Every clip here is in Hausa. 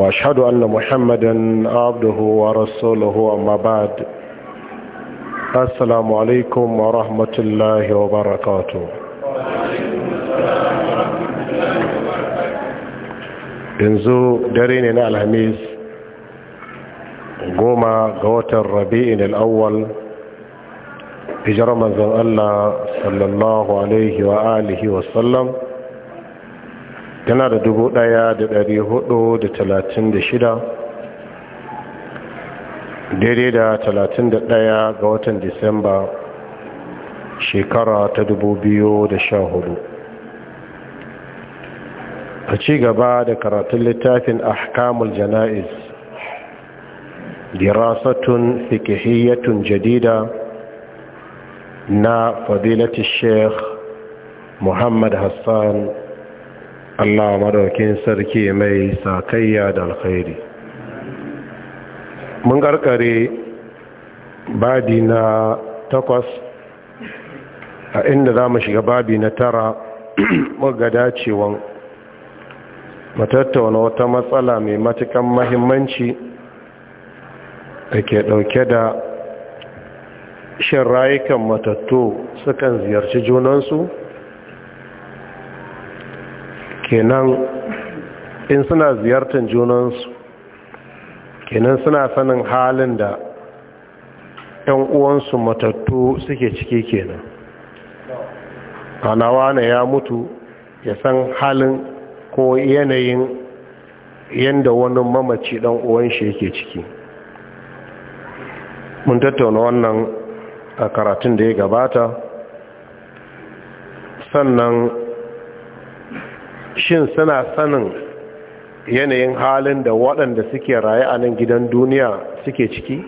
واشهد ان محمدا عبده ورسوله اما بعد السلام عليكم ورحمه الله وبركاته yanzu dare ne na alhamis goma ga watan rabi'in al'awwal hijirar manzan allah sallallahu alaihi wa alihi wasallam Yana da dubu ɗaya da dari hudu da talatin da shida daidai da talatin da ɗaya ga watan disamba shekara ta dubu biyu da sha hudu a ci gaba da karatun littafin ahkamul jana'iz dirasatun fikihiyatun jadida na fadilatun sheikh muhammad hassan Allah madaukin sarki mai sakayya da alkhairi mun karkare babi na takwas a inda za mu shiga babi na tara ga dacewan matattauna wata matsala mai matukan mahimmanci da ke dauke da shin rayukan matattu sukan ziyarci junansu kenan in suna ziyartar junansu kenan suna sanin halin da 'yan uwansu matattu suke ciki kenan kanawa na ya mutu ya san halin ko yanayin yadda wani mamaci ɗan uwanshi shi yake ciki mun tattauna wannan a karatun da ya gabata sannan shin suna sanin yanayin halin da waɗanda suke raye a nan gidan duniya suke ciki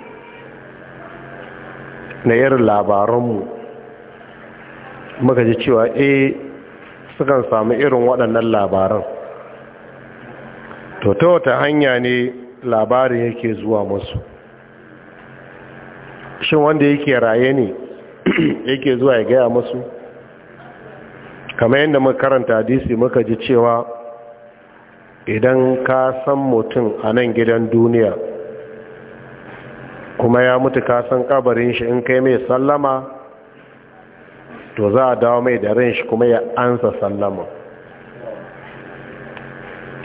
na yin labaranmu muka ji cewa eh sukan samu irin waɗannan labaran to ta wata hanya ne labarin yake zuwa masu shin wanda yake raye ne yake zuwa ya gaya masu kamar yadda muka karanta hadisi muka ji cewa idan ka san mutum a nan gidan duniya kuma ya mutu ka san kabarin shi in kai mai sallama to za a dawo mai da ran shi kuma ya ansa sallama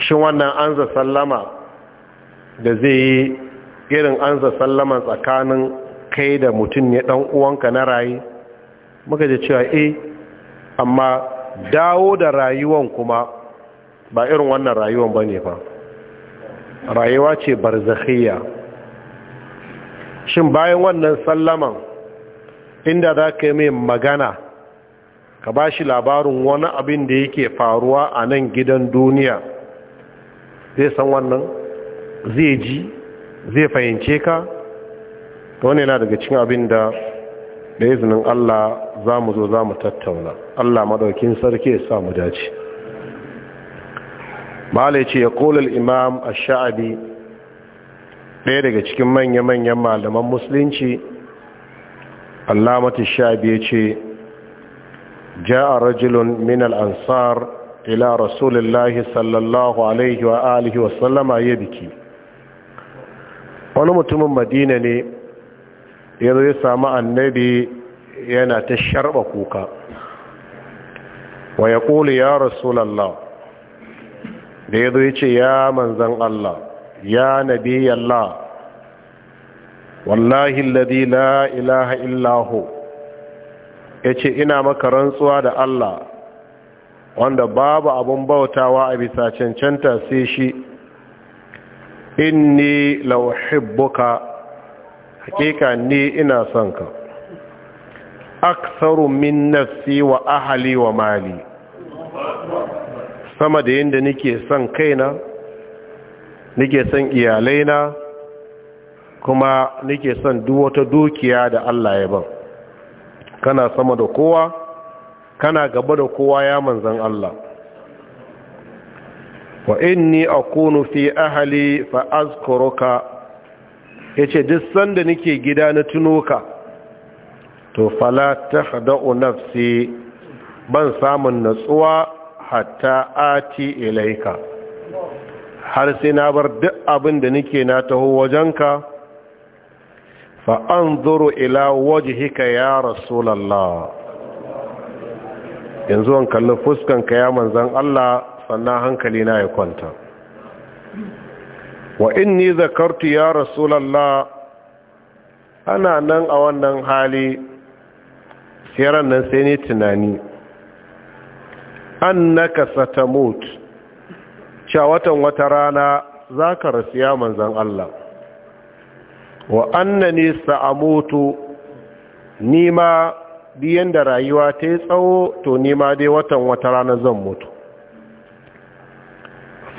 shin wannan ansa sallama da zai yi irin ansa sallama tsakanin kai da mutum ne dan uwanka na rayu muka ji cewa eh amma dawo da rayuwan kuma ba irin wannan rayuwan ba ne ba rayuwa ce barzakhiyya shin bayan wannan sallaman inda za ka yi mai magana ka ba shi labarin wani abin da yake faruwa a nan gidan duniya zai san wannan zai ji zai fahimce ka wani yana daga cikin abin da da izinin Allah za mu zo za mu tattauna Allah maɗaukin sarki ya samu dace malai ce ya kolar imam a sha'abi ɗaya daga cikin manya-manyan malaman musulunci Alamatu sha'abi ya ce ja'a rajulun min al'ansar ila rasulullahi sallallahu alaihi wa alihi ya biki wani mutumin madina ne ya zo ya samu annabi yana ta sharba kuka wa ya ƙuli ya rasulallah da ya zo ya ce ya manzan Allah ya nabi Allah wallahi ladi la ilaha illahu ya ce ina maka rantsuwa da Allah wanda babu abun bautawa a bisa cancanta sai shi inni lauhibbuka hakika ni ina son ka aksaru min nafsi wa ahali wa mali sama da yadda nike son kaina nike son iyalaina kuma nike son duk wata dukiya da Allah ya ban kana sama da kowa kana gaba da kowa ya manzan Allah wa inni akunu fi ahali fa azkuruka yace duk sanda nike gida na tunoka ka to fala ta haɗa'u nafsi ban samun natsuwa hatta ati ilaika har sai na bar duk abin da nake na taho wajenka fa an zuru ila wajihika ya rasulallah yanzu an kalli fuskanka ya manzan Allah sannan hankali na ya kwanta wa inni zakartu ya rasulallah ana nan a wannan hali Yaran nan sai ne tunani annaka satamut cewa watan wata rana zaka rasuya ya manzon Allah wa annani sa'amutu nima biyan da rayuwa ta yi tsawo to nima dai watan wata rana zan mutu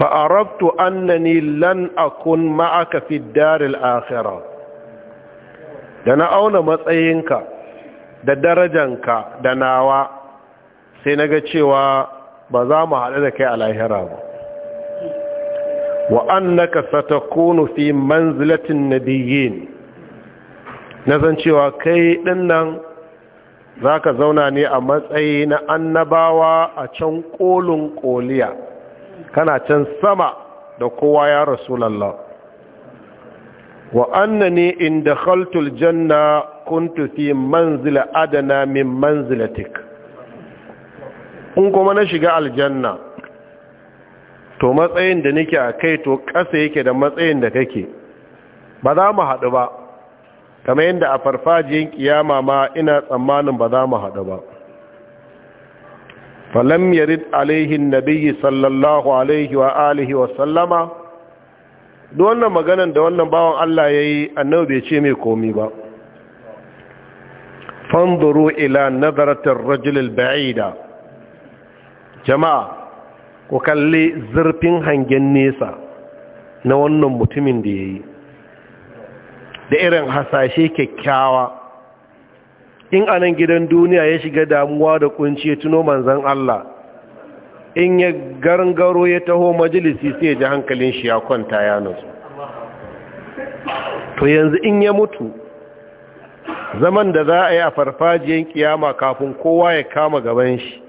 fa'arabtu annani lan akun ma'aka fi daril akhirah da na auna matsayinka da darajanka da nawa sai na ga cewa ba za mu haɗu da kai a lahira ba wa annaka satakunu fi manzilatin nabiyyin na zan cewa kai dinnan za ka zauna ne a matsayi na annabawa a can kolin koliya kana can sama da kowa ya rasulallah wa annani inda khaltul janna kuntu fi manzila adana min manzilatik in kuma na shiga aljanna to matsayin da nake a kai to ƙasa yake da matsayin da kake ba za mu haɗu ba kamar yadda a farfajiyar kiyama ma ina tsammanin ba za mu haɗu ba falam yarid alaihin nabiyyi sallallahu alaihi wa alihi wa sallama duk wannan maganan da wannan bawan Allah ya yi annabi bai ce mai komi ba fanduru ila nazaratar rajulil ba'ida jama'a ku kalli zurfin hangen nesa na wannan mutumin da ya yi da irin hasashe kyakkyawa in anan gidan duniya ya shiga damuwa da kunci ya tuno manzan Allah in ya garangaro ya taho majalisi sai ya ji hankalin shi ya kwanta ya nutsu, to yanzu in ya mutu zaman da za a yi a farfajiyar kiyama kafin kowa ya kama gaban shi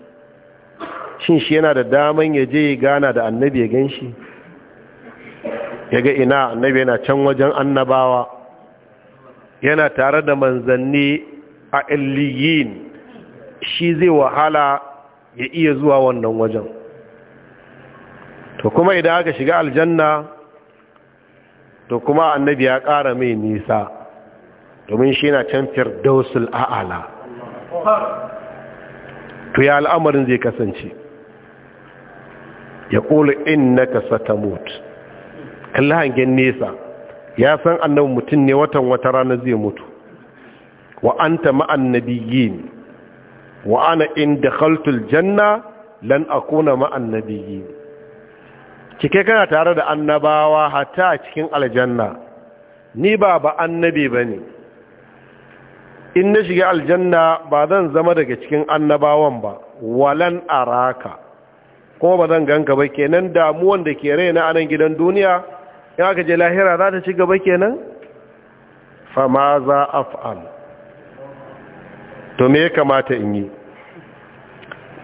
shin shi yana da daman ya je gana da annabi ya gan shi ya ga ina annabi yana can wajen annabawa yana tare da manzanni a illiyin shi zai wahala ya iya zuwa wannan wajen to kuma idan aka shiga aljanna to kuma annabi ya ƙara mai nisa domin shi na dausul firdausul a'ala to ya al'amarin zai kasance ya ƙulu innaka satamut kalli hangen nesa ya san annabi mutum ne watan wata rana zai mutu wa ta ma'an nabiyyin wa ana inda khaltul janna lan kuna ma'an nabiyyin cike kana tare da annabawa hata cikin aljanna ni ba ba annabi bane in na shiga aljanna ba zan zama daga cikin annabawan ba walan araka Ko ba zan ganka ba kenan damuwan da ke raina anan gidan duniya in aka je lahira za ta ci gaba kenan fama za af'al to me ya kamata in yi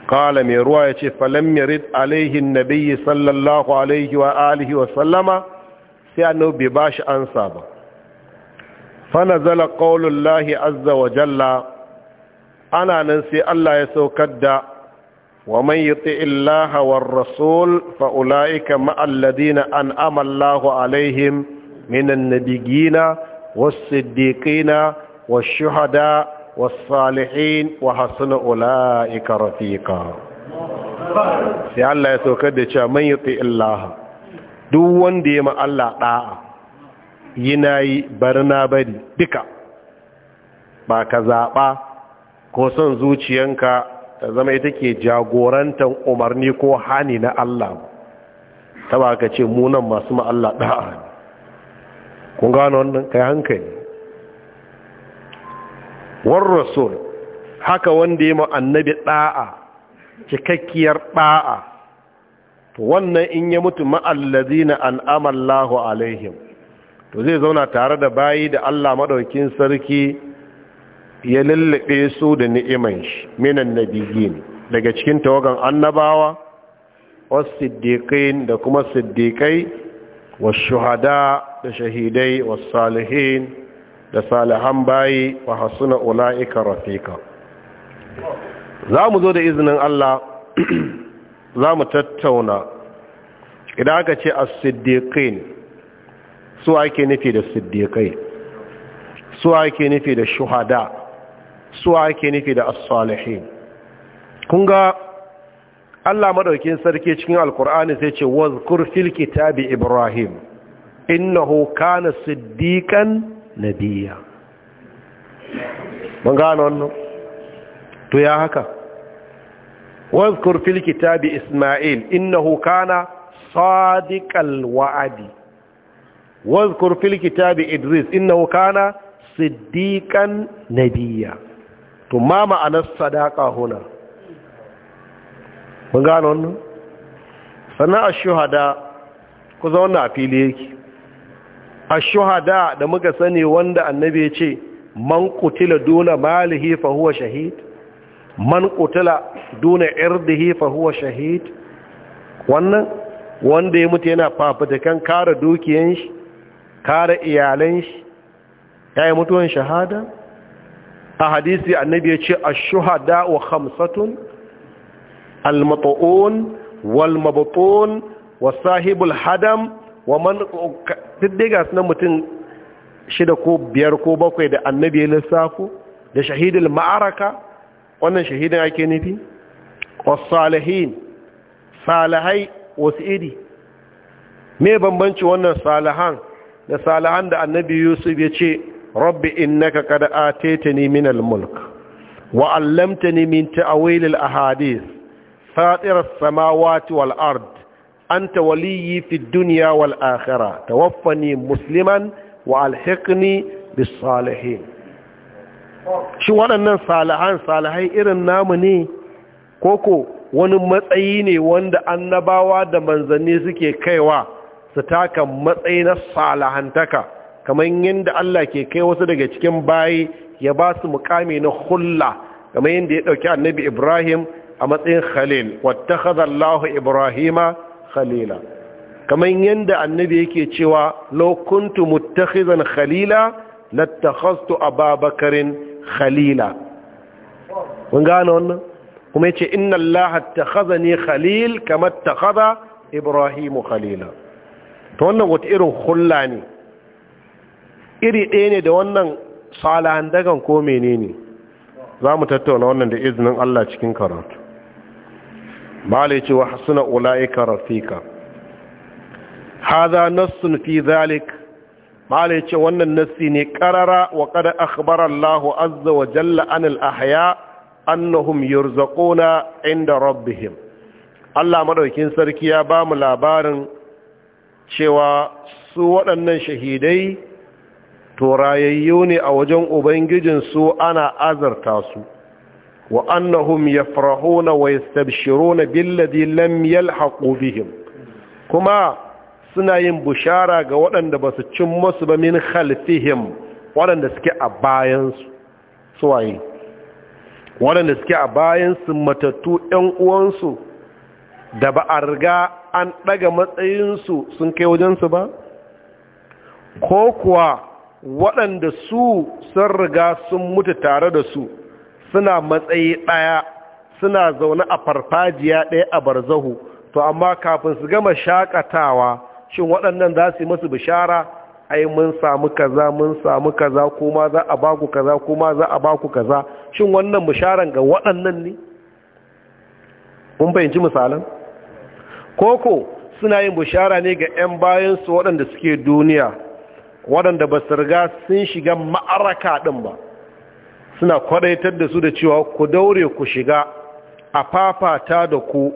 kala mai ruwa ya ce falam Rid alaihin nabiyyi sallallahu alaihi wa alihi wa sallama sai annabi ba shi ansa ba fanazala qaulullahi azza wa jalla ana nan sai Allah ya saukar da wa man yuti illaha war rasul ulaika ma alladhina an'ama Allahu alaihim minan nabiyina was siddiqina wash shuhada wa salihin wa hasuna ulaika rafiqa sai Allah ya sauka da cewa man yuti illaha duk wanda ya ma Allah ɗa'a. yi na yi bari na bari duka ba ka zaɓa ko son zuciyanka ta zama ita ke jagorantar umarni ko hani na Allah ta ba ka ce munan masu ma'alla ɗa'a ne kun gano wannan kai hankali war rasul haka wanda ya annabi ɗa'a cikakkiyar ɗa'a to wannan in ya mutu na an'amallahu alaihim to zai zauna tare da bayi da Allah madaukin sarki ya lullube su da ni'iman shi minan nabiyyin daga cikin tawagan annabawa was-siddiqin da kuma siddiqai was shuhada da shahidai was-salihin da salihan bayi wa hasuna ulaika rafiqa za mu zo da izinin Allah za mu tattauna idan aka ce as-siddiqin su ake nufi da siddiƙai su ake nufi da shuhada su ake nufi da as-salihin kun ga Allah madaukin sarki cikin alkur'ani sai ce wazkur fil kitabi ibrahim innahu kana siddiqan nabiyya mun gano wannan to ya haka wazkur fil kitabi isma'il innahu kana sadiqal wa'adi واذكر في kitabi idris انه kana صديقا نبيا to ما معنى sadaka huna mun gano wannan sannan shuhada ku zauna a fili yake ashuhada da muka sani wanda annabi ya ce man qutila duna malihi fa huwa shahid man qutila duna wannan wanda ya mutu yana fafatakan kare dukiyan shi kare iyalan shi ya yi mutuwan shahada a hadisi annabi ya ce ashuhada wa hamsatun almata'un walmabutun wa sahibul hadam wa man tiddiga sunan mutum shida ko biyar ko bakwai da annabi ya lissafo da shahidul ma'araka wannan shahidin ake nufi wasalihin salihai wasu iri me bambanci wannan salihan da salihan da annabi yusuf ya ce rabbi innaka kad atetani min al-mulk wa 'allamtani min ta'wil al-ahadith fatir as-samawati wal-ard anta waliyyi fi duniya dunya wal-akhirah tawaffani musliman wa alhiqni bis-salihin shi waɗannan salihan salihai irin namu ne koko wani matsayi ne wanda annabawa da manzanni suke kaiwa su taka matsayi na salahantaka kamar yadda Allah ke kai wasu daga cikin bayi ya ba su mukami na hulla kamar yadda ya ɗauki annabi Ibrahim a matsayin khalil wattakhadha Allahu Ibrahima khalila kamar yadda annabi yake cewa lokuntu kuntu muttakhizan khalila a ababakarin khalila kun gano wannan kuma yace inna Allaha attakhazani khalil kama attakhadha Ibrahimu khalila ta wannan wata irin hulla ne iri ɗaya ne da wannan salahan dagan ko menene za mu tattauna wannan da izinin Allah cikin karatu yace wa hasuna ula'ika rafika hadha nassun fi zalik la ce wannan nassi ne qarara wa qad akhbara Allah azza wa jalla an al ahya annahum yurzaquna inda rabbihim Allah madaukin sarki ya ba mu labarin cewa su waɗannan shahidai to rayayyu ne a wajen ubangijinsu ana azarta su wa annahum yafrahuna wa yastabshiruna billadhi lam yalhaqu bihim kuma suna yin bushara ga waɗanda ba su cin musu ba min khalfihim waɗanda suke a bayansu suwaye waɗanda suke a bayansu matattu ‘yan uwansu da ba a riga an ɗaga matsayinsu sun kai wajensu ba ko kuwa waɗanda su sun riga sun mutu tare da su suna matsayi ɗaya suna zaune a farfajiya ɗaya a barzahu to amma kafin su gama shakatawa shin waɗannan za su yi masu bishara ai mun samu kaza mun samu kaza kuma za a baku kaza kuma za a baku kaza shin wannan bisharan ga waɗannan ne mun fahimci misalin. koko suna yin bushara ne ga 'yan bayansu waɗanda suke duniya waɗanda ba sarga sun shiga ma'araka ɗin ba suna kwadaitar da su da cewa ku daure ku shiga a fafata da ku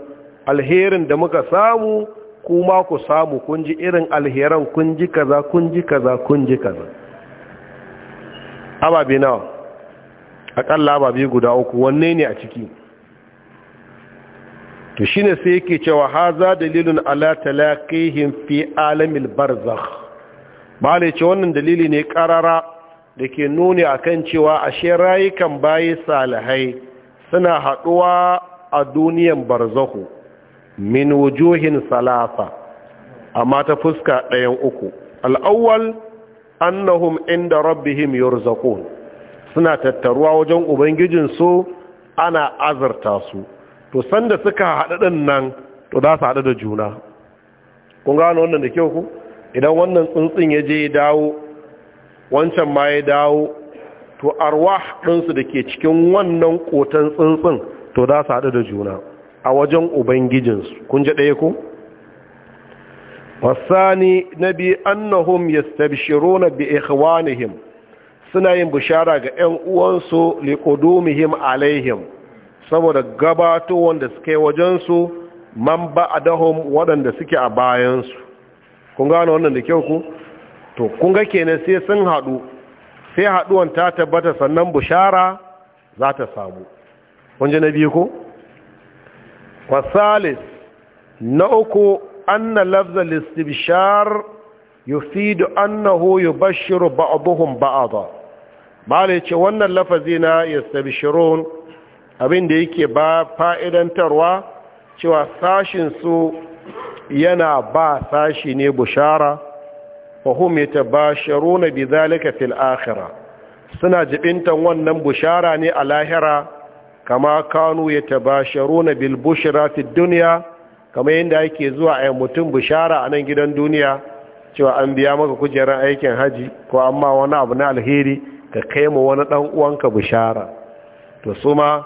alherin da muka samu kuma ku samu kun ji irin alheran kun ji kaza kun ji kaza kun ji kaza Ababi nawa akalla ababi guda uku wanne ne a ciki to shine sai yake cewa haza dalilun ala talaqihim fi alamil barzakh bale ce wannan dalili ne karara da ke nuni akan cewa ashe rayukan bayi salihai suna haɗuwa a duniyan barzahu min wujuhin salasa amma ta fuska ɗayan uku al'awwal annahum inda rabbihim yurzaqun suna tattaruwa wajen ubangijinsu ana azurta su to sanda suka haɗa ɗin nan to za su haɗu da juna kun gano wannan da kyau ku idan wannan tsuntsun ya je ya dawo wancan ma ya dawo to arwa ɗinsu da ke cikin wannan kotan tsuntsun to za su haɗu da juna a wajen ubangijinsu kun ji ɗaya ku wasani na biyu annahum yastabshiruna bi ikhwanihim suna yin bishara ga 'yan uwansu liqudumihim alaihim saboda gabato wanda suke wajensu man ba a waɗanda suke a bayansu kun gano wannan da kyau ku to kun ga kenan sai sun haɗu sai haɗuwan ta tabbata sannan bushara za ta samu kun ji na biyu ku? wasalis na uku anna lafza listibshar yufidu annahu yubashshiru ba. ba'dha mala ce wannan lafazi na yastabshirun abin da yake ba fa'idantarwa cewa sashin su yana ba sashi ne bushara fahim ya tabasharu na bizalika fil akhira suna jibintan wannan bushara ne a lahira kama kanu ya tabasharu na bilbushira fi duniya kama yadda ake zuwa a mutum bushara a nan gidan duniya cewa an biya maka kujerar aikin haji ko amma wani abu na alheri ka kai mu wani ɗan uwanka bushara to su ma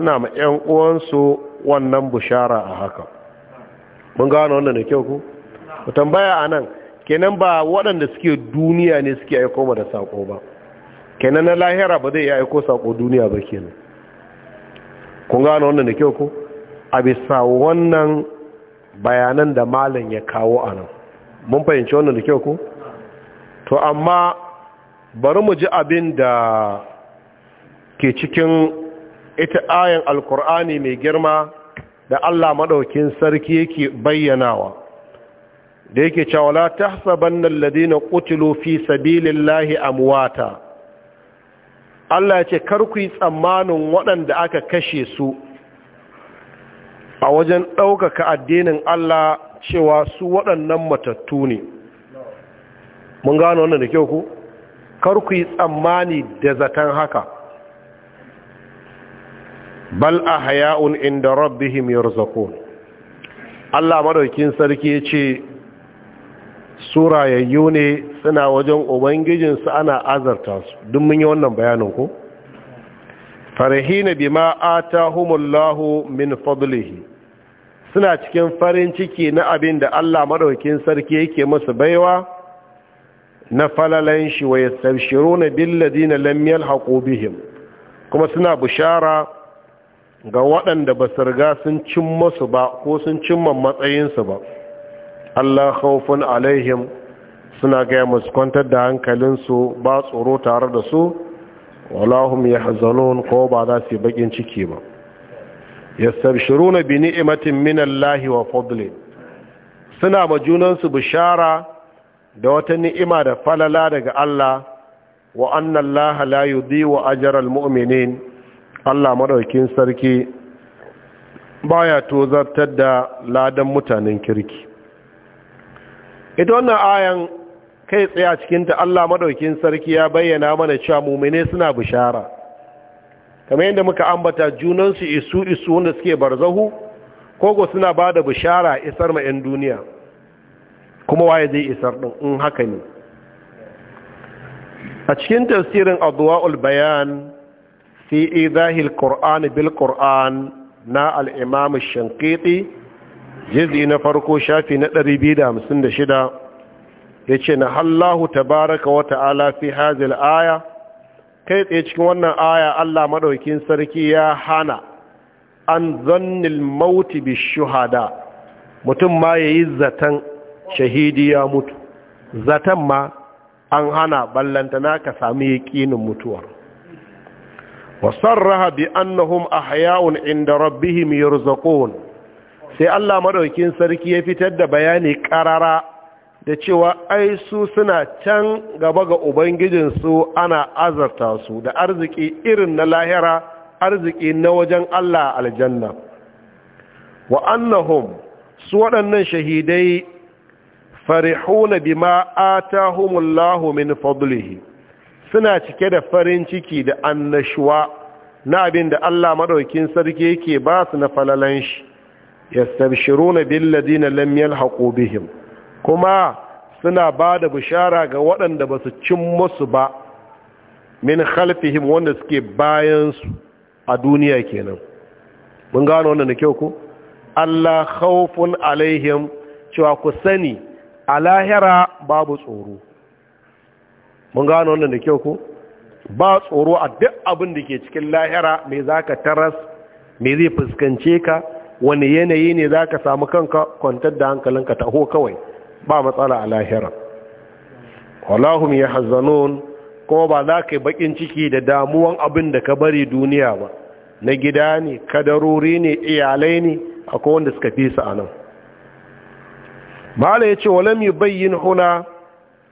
suna ma 'yan uwansu wannan bushara a haka mun gano wannan da kyau ku ku tambaya a nan kenan ba waɗanda suke duniya ne suke aiko ba da saƙo ba kenan na lahira ba zai iya aiko saƙo duniya ba kenan kun gano wannan da kyau ku a bisa wannan bayanan da malam ya kawo a nan mun fahimci wannan da kyau ku to amma bari mu ji abin da ke cikin ita ayan alkur'ani mai girma da Allah maɗaukin sarki yake bayyanawa da yake cewa la tahsabanna alladhina qutilu fi sabilillahi amwata Allah ya ce kar ku yi tsammanin waɗanda aka kashe su a wajen ɗaukaka addinin Allah cewa su waɗannan matattu ne mun gano wannan da kyau ku kar ku yi tsammani da zaton haka bal a hayaun inda rabbihim yarzaqun Allah madaukin sarki ce yace surayayyu ne suna wajen ubangijinsu ana azarta su duk mun yi wannan bayanin ko farihina bima atahumullahu min fadlihi suna cikin farin ciki na abin da Allah madaukin sarki yake musu baiwa na falalan shi wa yastabshiruna bil ladina lam yalhaqu bihim kuma suna bushara ga waɗanda ba su riga sun cin masu ba ko sun cimma matsayinsu ba Allah khawfun alaihim suna gaya masu kwantar da hankalinsu ba tsoro tare da su walahum yahzanun ko ba za su yi bakin ciki ba yastabshiruna bi ni'matin min Allah wa fadli suna ma junansu bishara da wata ni'ima da falala daga Allah wa annallaha la yudhi wa ajral mu'minin Allah maɗaukin sarki baya tozartar da ladan mutanen kirki ita wannan ayan kai tsaya cikin cikinta Allah maɗaukin sarki ya bayyana mana cewa mumine suna bishara kamar yadda muka ambata junansu isu isu wanda suke barzahu kogo suna ba da bishara isar ma 'yan duniya kuma waye zai isar ɗin in haka ne a cikin tafsirin adwa'ul bayan fi izahil qur'an bil qur'an na al shankiti jizi na farko shafi na 256 yace na Allahu tabaraka wa ta'ala fi hazil aya kai tsaye cikin wannan aya Allah maɗaukin sarki ya hana an zannil mauti bi shuhada mutum ma yayi zatan shahidi ya mutu zaton ma an hana na ka sami yaƙinin mutuwar wasarraha bi annahum ahya'un inda rabbihim yurzaqun sai Allah madaukin sarki ya fitar da bayani karara da cewa ai su suna can gaba ga ubangijinsu ana azarta su da arziki irin na lahira arziki na wajen Allah aljanna wa annahum su waɗannan shahidai farihuna bima atahumullahu min fadlihi suna cike da farin ciki da annashuwa na abin da Allah maɗaukin sarki yake ba su na falalan shi yastabshiruna billadi lam yalhaqu bihim kuma suna ba da bishara ga waɗanda ba su cin musu ba min khalfihim wanda suke bayansu a duniya kenan mun gano wannan da kyau ko Allah khawfun alaihim cewa ku sani a lahira babu tsoro mun gano wannan da kyau ko ba tsoro a duk abin da ke cikin lahira me zaka taras me zai fuskance ka wani yanayi ne zaka samu kanka kwantar da hankalinka taho kawai ba matsala a lahira wallahum yahzanun kuma ba za ka yi bakin ciki da damuwan abin da ka bari duniya ba na gida ne kadarori ne iyalai ne akwai wanda suka fi su a nan mala ya ce walam yi huna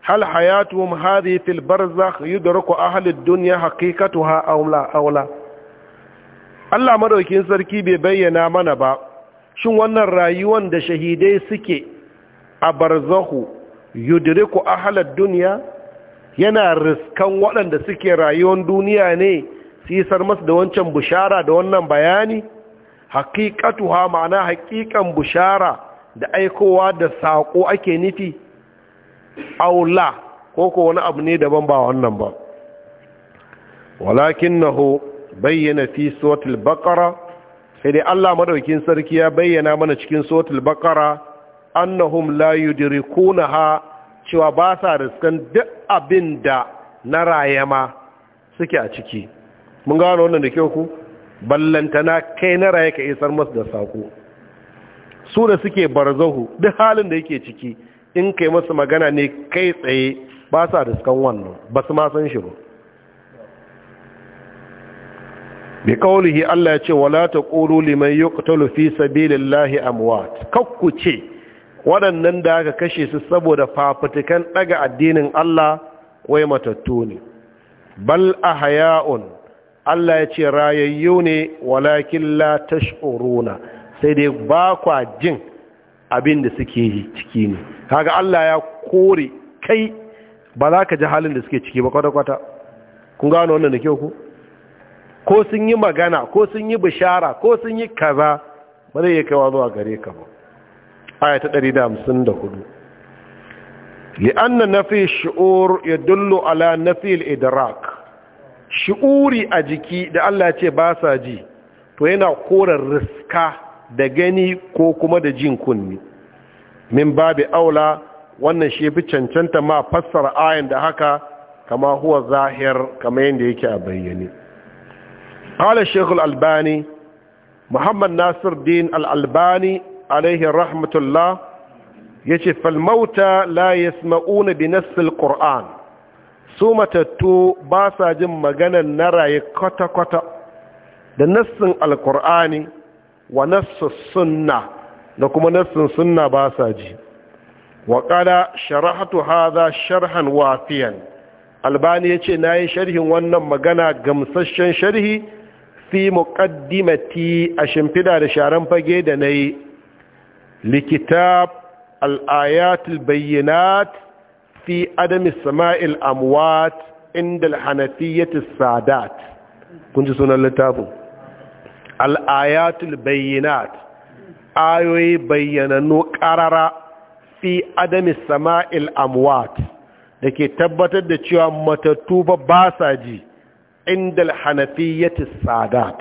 hal hayatuhum hadhihi fil barzakh yudraku ahli dunya haqiqatuha awla awla Allah madaukin sarki bai bayyana mana ba shin wannan rayuwar da shahidai suke a barzahu yudriku ahli dunya yana riskan waɗanda suke rayuwar duniya ne su yi masu da wancan bushara da wannan bayani haqiqatuha ma'ana haqiqan bushara da aikowa da sako ake nufi aula ko ko wani abu ne daban ba wannan ba walakinnahu bayyana fi suratul baqara sai dai Allah madaukin sarki ya bayyana mana cikin suratul baqara annahum la yudrikunaha cewa ba sa riskan duk abinda na rayama suke a ciki mun gano wannan da kyau ku ballantana kai na raye ka isar masu da sako su da suke barzahu duk halin da yake ciki in ka yi masu magana ne kai tsaye ba sa riskan wannan ba su ma san shi ba bi kawulihi Allah ya ce wala ƙoro liman yuqtalu fi sabilillahi amwat kakku ce waɗannan da aka kashe su saboda fafutukan ɗaga addinin Allah wai matattu ne bal a haya'un, Allah ya ce rayayyu ne walakin la tash'uruna sai dai ba kwa jin abin da suke ciki ne kaga Allah ya kore kai ba za ka ji halin da suke ciki ba kwata-kwata kun gano wannan da kyau ku ko sun yi magana ko sun yi bishara ko sun yi kaza ba zai iya kaiwa zuwa gare ka ba aya ta 154 لأن نفي الشعور يدل على نفي الإدراك شعوري أجيكي ده ce ba sa ji to yana قول riska. da gani ko kuma da jin kunni min babu aula wannan shi fi cancanta ma fassara ayan da haka kama huwa zahir kama yadda yake a bayyane qala shaykh al-albani muhammad nasir din al-albani alaihi rahmatullah yace fal mauta la yasma'una bi al su matattu ba sa jin maganar na raye kwata-kwata da nassin alkur'ani wa nassus sunna da kuma nassin sunna ba sa ji wa qala sharahatu hadha sharhan wafiyan albani yace nayi sharhin wannan magana gamsasshen sharhi fi muqaddimati a shimfida da sharan fage da nayi likitab al-ayat al fi adam samail amwat inda al-hanafiyyah sadat kun sunan littafin al'ayatul bayyinat ayoyi bayyananu ƙarara fi adami sama'il amwat da ke tabbatar da cewa matattu ba ba ji inda hanafiyyati sadat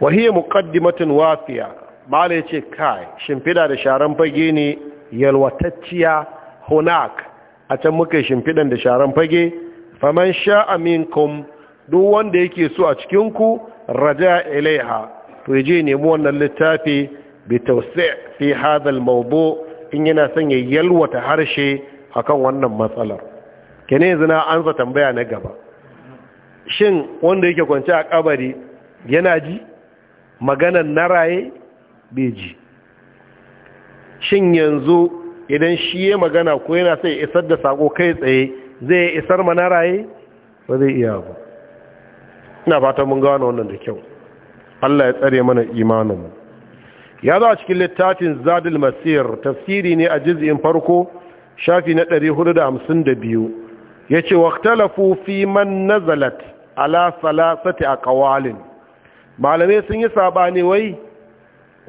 wahiyar muƙaddimatin wafiya ba da ce kai shimfida da sharan fage ne yalwatacciya hunak a can muka shimfiɗa da sharan fage faman sha'a minkum duk wanda yake so a cikinku raja ilaiha to je nemi wannan littafi bi tawsi' fi hadha al-mawdu in yana son ya yalwata harshe akan wannan matsalar kene zina na ansa tambaya na gaba shin wanda yake kwance a kabari yana ji maganar naraye bai ji shin yanzu idan shi ya magana ko yana sai isar da sako kai tsaye zai isar ma naraye ba zai iya ba ina fatan mun gano wannan da kyau Allah ya tsare mana imaninmu ya zo a cikin littafin zadul masir tafsiri ne a juz'in farko shafi na 452 yace waqtalafu fi man nazalat ala salasati aqwalin malamai sun yi sabani wai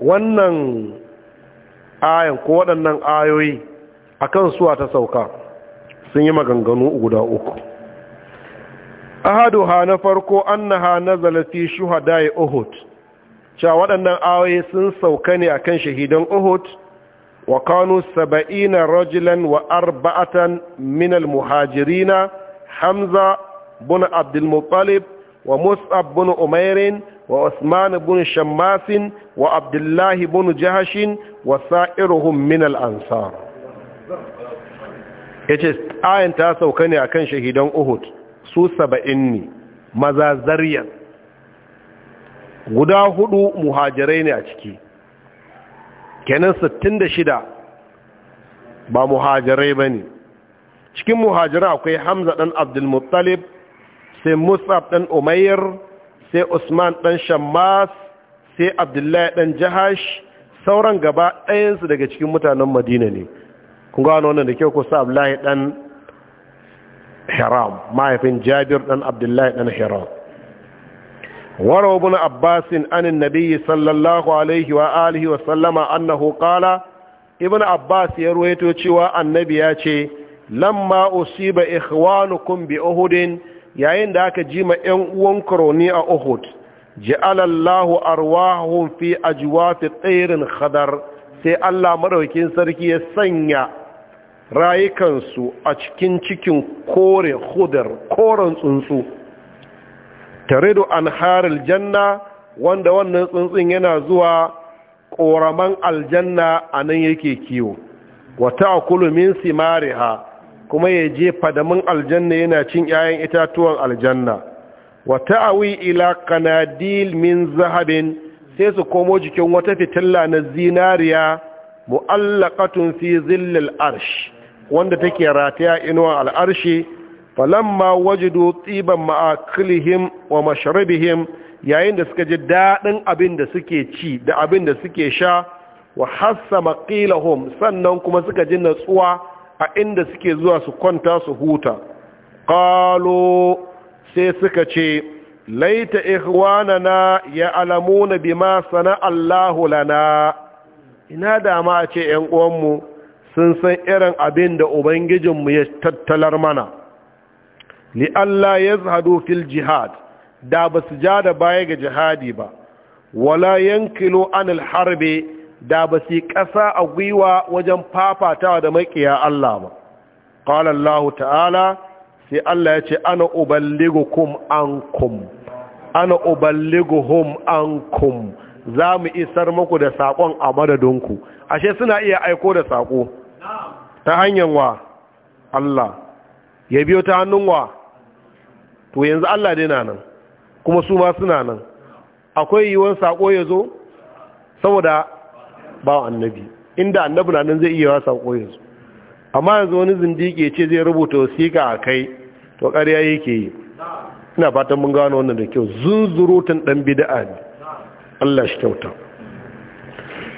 wannan ayan ko waɗannan ayoyi akan suwa ta sauka sun yi maganganu guda uku ha na farko annaha nazala fi shuhada'i uhud cewa waɗannan ayoyi sun sauka ne akan shahidan uhud wa kanu saba'ina rajulan wa arba'atan min al-muhajirina hamza bin abdul muttalib wa mus'ab bin umairin wa usman bin shammasin wa abdullahi bin jahashin wa sa'iruhum min al-ansar yace ayan ta sauka ne akan shahidan uhud su saba'in ne maza zaryan guda hudu muhajirai ne a ciki kenan sittin da shida ba muhajirai ba ne cikin muhajirai akwai hamza ɗan abdulmuttalib sai musab ɗan umayyar sai usman ɗan shammas sai abdullahi ɗan jahash sauran gaba ɗayansu daga cikin mutanen madina ne kun gano wannan da kyau ko sa abdullahi ɗan hiram mahaifin jabir ɗan abdullahi dan hiram warawa bin abbasin anin nabiyyi sallallahu annahu qala ibn abbas ya ruwaito cewa annabi ya ce lamma usiba ikhwanukum kumbi ohudin yayin da aka jima ƴan uwan koroni a Ohud, ja'ala Allahu arwahum fi ajwafi tsairin khadar sai Allah madaukakin sarki ya sanya rayukansu a cikin cikin kore hudar koren tsuntsu tare da an janna wanda wannan tsuntsun yana zuwa koraman aljanna a nan yake kiwo wata akulu min simariha kuma ya je fadamin aljanna yana cin 'ya'yan itatuwan aljanna wata awi ila kanadil min zahabin sai su komo jikin wata fitilla na zinariya mu'allakatun fi zillil arsh wanda take rataya inuwa al'arshi falamma wajidu tsiban ma’akilihim wa masharabihim yayin da suka ji daɗin abin da suke ci da abin da suke sha wa hassa maqilahum sannan kuma suka ji natsuwa a inda suke zuwa su kwanta su huta qalu sai suka ce laita ikhwanana ya alamuna bima sana'a Allahu lana ina da ma a ce ƴan uwanmu sun san irin abin da ubangijinmu ya tattalar mana Allah ya zahado fil jihad da ba su ja da baya ga jihadi ba wala yankilo anil harbe da ba su yi ƙasa a gwiwa wajen fafatawa da maƙiya Allah ba ƙala Allah ta'ala sai Allah ya ce ana an kum, ana an kum, za mu isar muku da saƙon a madadinku ashe suna iya aiko da saƙo ta hanyar wa Allah ya biyo ta hannun wa to yanzu Allah dai na nan kuma su ma suna nan akwai yiwuwar sako ya zo saboda ba annabi inda annabi na nan zai iya wa sako ya zo amma yanzu wani ya ce zai rubuta wasiƙa a kai to ƙarya yake yi ina fatan mun gano wannan da kyau zunzurutun ɗan bida'a ne Allah shi kyauta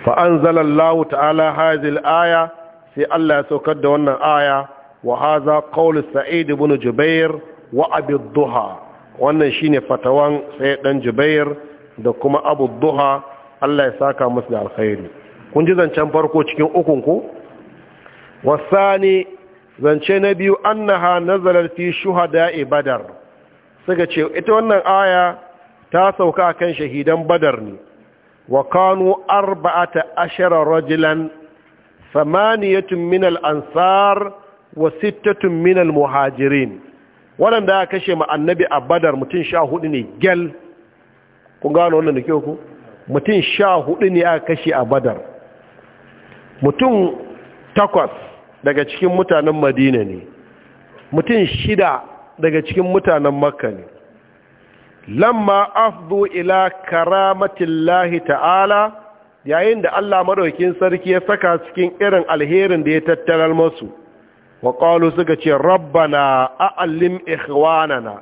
fa anzalallahu ta'ala hazil aya sai Allah ya saukar da wannan aya wa haza qawlu sa'id ibn jubair wa abi wannan shine fatawan sai dan jubair da kuma abu Allah ya saka musu da alkhairi kun ji zancen farko cikin ukun ku wasani zance na biyu annaha nazalat fi shuhada'i badar suka ce ita wannan aya ta sauka kan shahidan badar ne wa kanu arba'ata ashara rajulan samaniyatun minal ansar wa sittatun minal muhajirin waɗanda aka kashe ma annabi a badar mutum sha hudu ne gel, kun gano wannan da kyau ku mutum sha hudu ne aka kashe a badar mutum takwas daga cikin mutanen madina ne mutum shida daga cikin mutanen makka ne lamma afdu ila karamatillahi ta'ala yayin da Allah madaukin sarki ya saka cikin irin alherin da ya tattalar masu wa qalu suka ce rabbana a'allim ikhwanana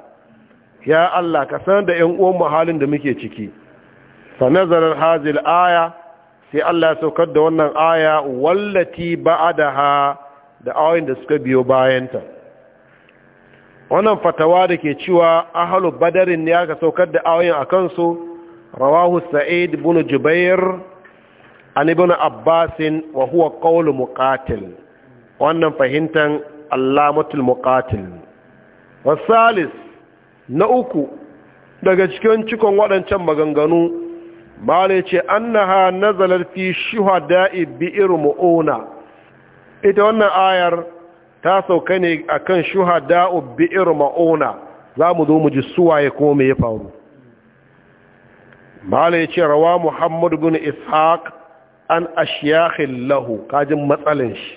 ya Allah ka san da 'yan uwan mu halin da muke ciki fa nazarar hazil aya sai Allah ya saukar da wannan aya wallati ba'adaha da ayoyin da suka biyo bayanta wannan fatawa da ke cewa ahalu badarin ne aka saukar da ayoyin a kansu rawahu sa'id ibn jubair an ibn abbasin wa huwa qawlu muqatil wannan fahimtan allamatul muqatil salis na uku daga cikin cikon waɗancan maganganu ba ce annaha nazalat fi shuhada'i bi irmuuna ita wannan ayar ta sauka ne akan shuhada'u bi irmuuna za mu zo mu ji suwaye ko me ya faru ba ce rawa muhammad bin ishaq an ashiyakhin lahu kajin matsalin shi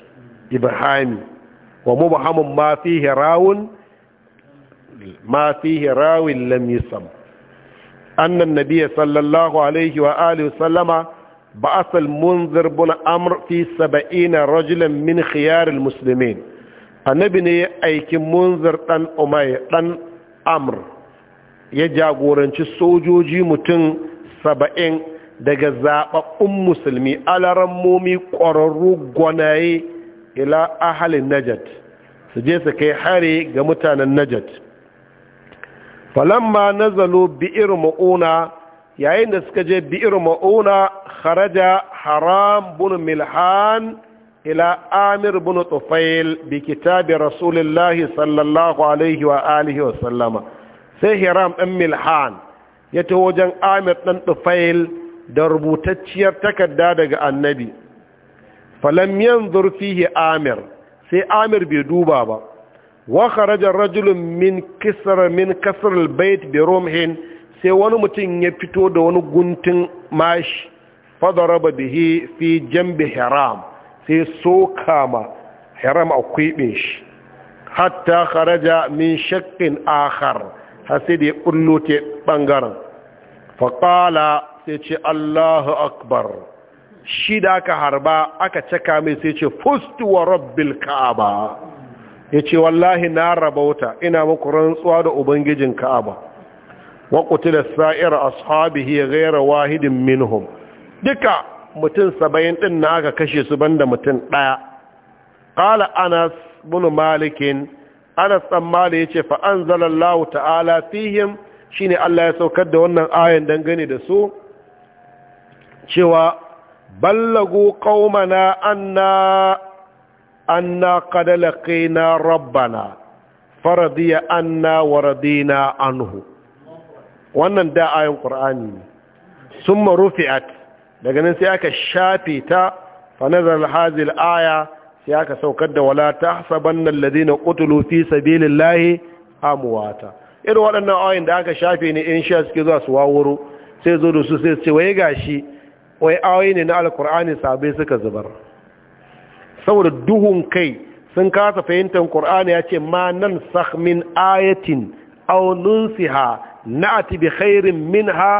Ibrahim wa mubahamun ma fihi rawun ma fihi rawin lam yusam annan nabiyya sallallahu alaihi wa alihi sallama ba'ath al-munzir buna amurfi fi 70 rajulan min khiyar al-muslimin annabi ne ya aiki munzir dan umar, dan amur, ya jagoranci sojoji mutum saba'in daga zaɓaɓɓun musulmi alarammomi ƙwararru gwanaye ila ahalin najat su je su kai hare ga mutanen najat falamma nazalo bi'ir ma'una yayin da suka je bi'ir ma'una haraja haram bin milhan ila amir bin tufail bi kitabi rasulullahi sallallahu alaihi wa alihi wa sallama sai hiram ɗan milhan ya ta wajen amir ɗan tufail da rubutacciyar takarda daga annabi falam yanzur fihi amir sai amir bai duba ba wa kharaja rajulun min kisra min kasr albayt bi rumhin sai wani mutum ya fito da wani guntun mashi fadaraba bihi fi jambi haram sai soka ma haram a kwibe shi hatta kharaja min shakkin akhar har sai da ya kullo ta bangaren faƙala sai ce Allahu akbar shi da aka harba aka caka mai sai ce fustu wa rabbil ka'aba yace wallahi na rabauta ina muku rantsuwa da ubangijin ka'aba wa qutila sa'ir ashabihi ghayra wahidin minhum duka mutum saba'in ɗin na aka kashe su banda mutum ɗaya. qala anas bin malikin anas dan mali yace fa anzalallahu ta'ala fihim shine Allah ya saukar da wannan ayan dangane da su cewa ballagu qaumana anna anna qad laqina rabbana faradiya anna wa radina anhu wannan da ayan qur'ani ne summa rufi'at daga nan sai aka shafe ta fa nazal aya sai aka saukar da wala tahsabanna alladhina qutilu fi sabilillahi amwata irin waɗannan ayoyin da aka shafe ne in sha suke zuwa su wawuru sai zo da su sai su ce waye gashi wai ayoyi ne na alkur'ani sabai suka zubar saboda duhun kai sun kasa fahimtar kur'ani ya ce ma nan min ayatin aw nunsiha na'ti bi khairin minha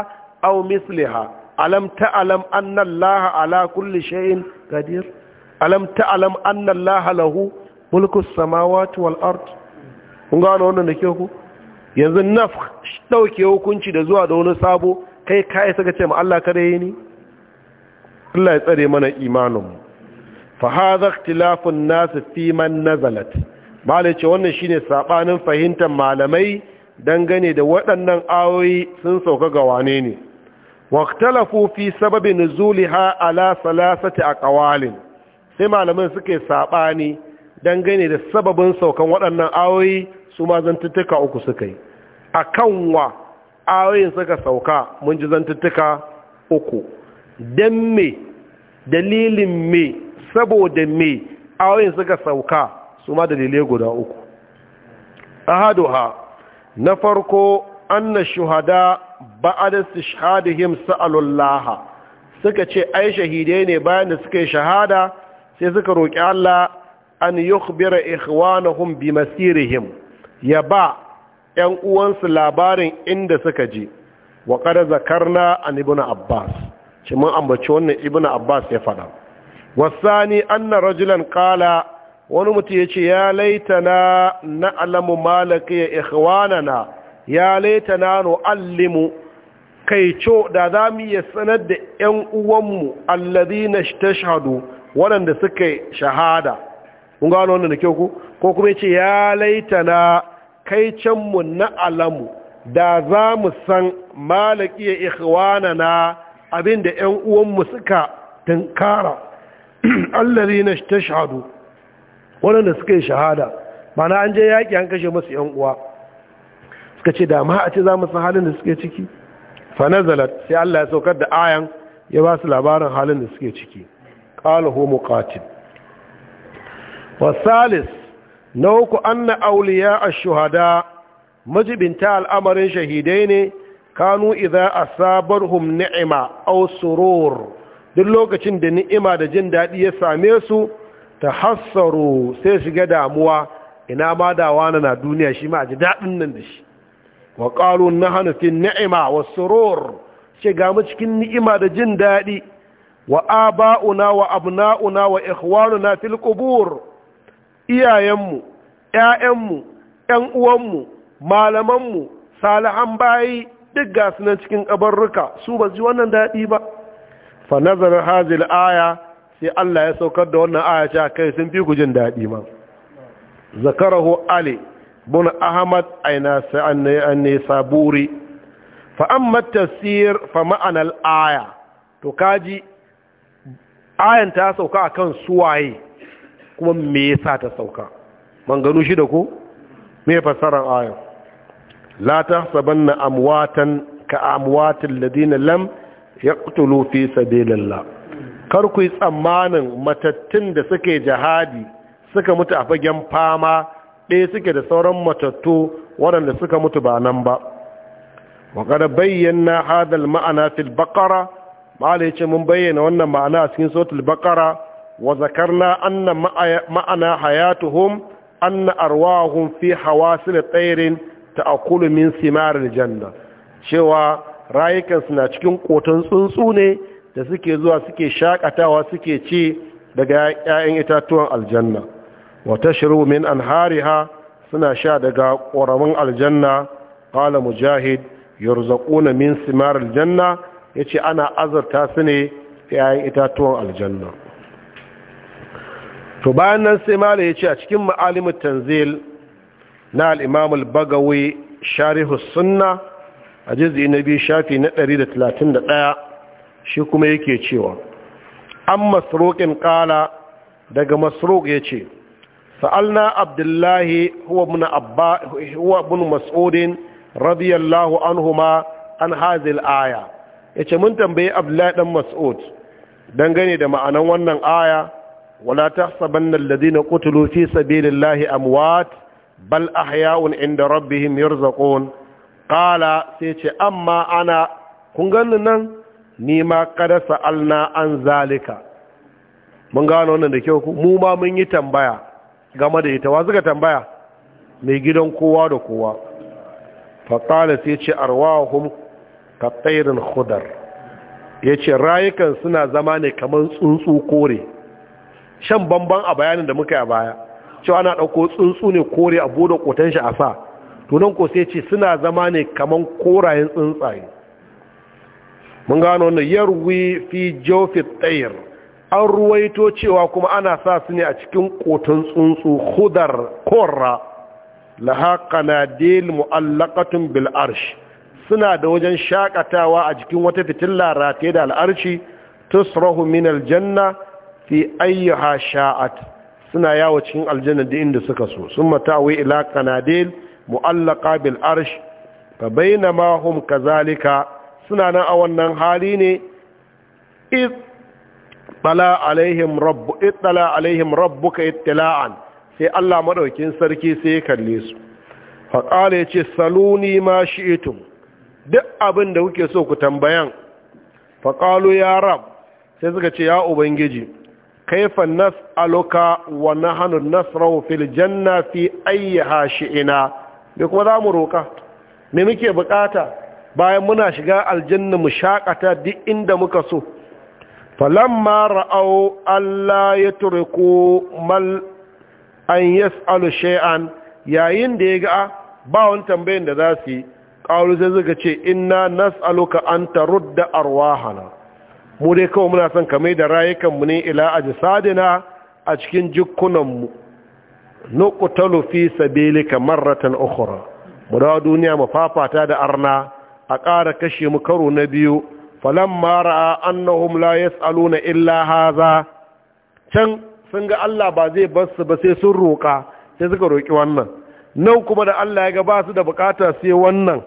aw misliha alam ta'lam anna allaha ala kulli shay'in qadir alam ta'lam anna allaha lahu mulku samawati wal ard kun gano wannan da ke ku yanzu nafkh dauke hukunci da zuwa da wani sabo kai kai saka ce ma Allah kare ni Allah ya tsare mana imaninmu fa hadha ikhtilafun nas fi man nazalat malai ce wannan shine sabanin fahimtar malamai dangane da waɗannan ayoyi sun sauka ga wane ne waqtalafu fi sababi nuzuliha ala salasati aqwalin sai malaman suke sabani dangane da sababin saukan waɗannan ayoyi su ma zantuttuka uku suka yi akan wa ayoyin suka sauka mun ji zantuttuka uku don me dalilin me saboda me ayoyin suka sauka su ma dalilai guda uku ahaduha na farko anna shuhada su istishhadihim sa'alullah suka ce ai shahidai ne bayan da suka yi shahada sai suka roki Allah an yukhbira ikhwanahum bi masirihim ya ba ‘yan uwansu labarin inda suka je, wa ƙada zakarna an ibnu Abbas. shi mun ambaci wannan ibnu abbas ya faɗa wasani anna rajulan qala wani mutum ya ce ya laitana na alamu malaki ya ikhwanana ya laitana no kai co da za mu iya sanar da 'yan uwanmu allazina tashhadu waɗanda suka shahada kun gano wannan da kyau ku ko kuma ya ce ya laitana kai canmu na alamu da za mu san malaki ya ikhwanana abin da yan uwanmu suka tunkara ne na shahadu, waɗanda suka yi shahada mana an je yaƙi an kashe masu ƴan uwa suka ce da ma a ce za mu san halin da suke ciki fa sai Allah ya saukar da ayan ya ba su labarin halin da suke ciki qala mu ƙatin wasalis na uku anna auliya a shahada majibinta al'amarin shahidai ne kanu idza asabarhum ni'ima aw surur duk lokacin da ni'ima da jin daɗi ya same su tahassaru sai shiga damuwa ina ma da wani na duniya shi ma ji dadin nan da shi wa qalu nahnu fi ni'ima was surur ga mu cikin ni'ima da jin daɗi. wa aba'una wa abna'una wa ikhwanuna fil qubur iyayenmu ƴaƴanmu ƴan uwanmu malamanmu salihan bayi duk ga su cikin kabarruka su ba ji wannan daɗi ba fa nazarin hazil aya sai Allah ya saukar da wannan aya ce kai sun fi ku jin daɗi ma zakarahu ali bin ahmad aina anni saburi fa amma tafsir fa ma'anal aya to kaji ayan ta sauka akan suwaye kuma me yasa ta sauka man gano shi da ko me fasaran ayan la tahsabanna amwatan ka amwatil ladina lam yaqtulu fi sabilillah kar ku tsammanin matattun da suke jihadi suka mutu a fagen fama ɗaya suke da sauran matattu waɗanda suka mutu ba nan ba wa bayyana hadal ma'ana fil baqara ya ce mun bayyana wannan ma'ana a cikin suratul baƙara, wa zakarna anna ma'ana hayatuhum anna arwahun fi hawa su da tayrin ta akulu min simaril janna cewa rayukansu na cikin koton tsuntsu ne da suke zuwa suke shakatawa suke ci daga 'ya'yan itatuwan aljanna wa tashrubu min anhariha suna sha daga ƙoramin aljanna qala mujahid yurzaquna min simaril janna yace ana azurta su ne 'ya'yan itatuwan aljanna to bayan nan sai mala yace a cikin ma'alimut tanzil na al-imam al-bagawi sharih sunna a na biyu shafi na 131 shi kuma yake cewa an masruqin qala daga masruq yace sa'alna abdullahi huwa ibn abba huwa ibn mas'ud radiyallahu an hadhihi aya. aya yace mun tambaye abdullahi dan mas'ud dangane da ma'anan wannan aya wala tahsabanna alladhina qutilu fi sabilillahi amwat bal ahya'un inda rabbihim yarzaqun qala sai ce amma ana kun ganni nan ni ma kada sa'alna an zalika mun gano wannan da kyau ku mu ma mun yi tambaya game da ita wa suka tambaya mai gidan kowa da kowa fa qala sai ce arwahum ka tsairin khudar ya ce rayukan suna zama ne kamar tsuntsu kore shan bamban a bayanin da muka yi a baya cewa ana ɗauko tsuntsu ne kore a bude kotan shi a sa tunan ko sai ce suna zama ne kaman korayen tsuntsaye mun gano wannan yarwi fi jofi tsayir an ruwaito cewa kuma ana sa su ne a cikin kotan tsuntsu hudar korra na qanadil mu'allaqatun bil arsh suna da wajen shakatawa a jikin wata fitilla rataye da al'arshi tusrahu min janna fi ayyaha sha'at suna yawo cikin aljanna da inda suka so sun matawi ila kanadil mu'allaka bil arsh fa bainama hum kazalika suna nan a wannan hali ne id tala alaihim rabbu ittala alaihim rabbuka ittila'an sai Allah madaukin sarki sai ya kalle su fa qala yace saluni ma shi'tum duk abin da kuke so ku tambayan fa qalu ya rab sai suka ce ya ubangiji kaifa nas'aluka wa nahnu nasrahu fil janna fi ayyiha shi'ina me kuma za mu roka me muke buƙata bayan muna shiga aljanna mu shakata duk inda muka so falamma ra'aw alla yatruku mal an yas'alu shay'an yayin da yaga ba wani tambayin da za su yi qalu sai suka ce inna nas'aluka an tarudda arwahana mu dai kawai muna son kame da rayukanmu ne ila ajsadina a cikin jikkunanmu nuqtalu fi kamar ratan ukhra mu dawa duniya mu fafata da arna a ƙara kashe mu karo na biyu falamma ra'a annahum la yas'aluna illa haza can sun ga Allah ba zai bar su ba sai sun roƙa sai suka roƙi wannan nan kuma da Allah ya ga ba su da bukata sai wannan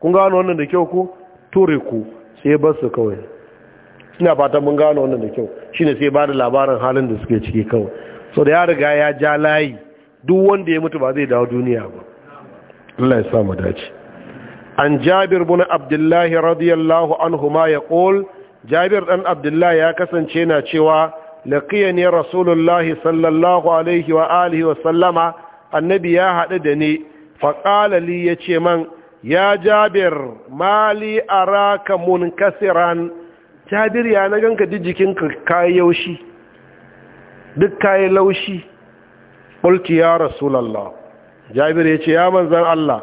kun gano wannan da kyau ku? tore ku sai basu su kawai ina fatan mun gano wannan da kyau shine sai ba da labarin halin da suke ciki kawai so da ya riga ya ja layi duk wanda ya mutu ba zai dawo duniya ba Allah ya sa mu dace an Jabir bin Abdullah radiyallahu anhu ma yaqul Jabir dan Abdullah ya kasance na cewa laqiyani Rasulullah sallallahu alaihi wa alihi wa sallama annabi ya hadu da ni fa qala li yace man ya Jabir mali araka munkasiran jabir ya na ganka duk jikinka kayan yaushi duk kayi laushi qultu ya rasulallah jabir ya ce ya manzan Allah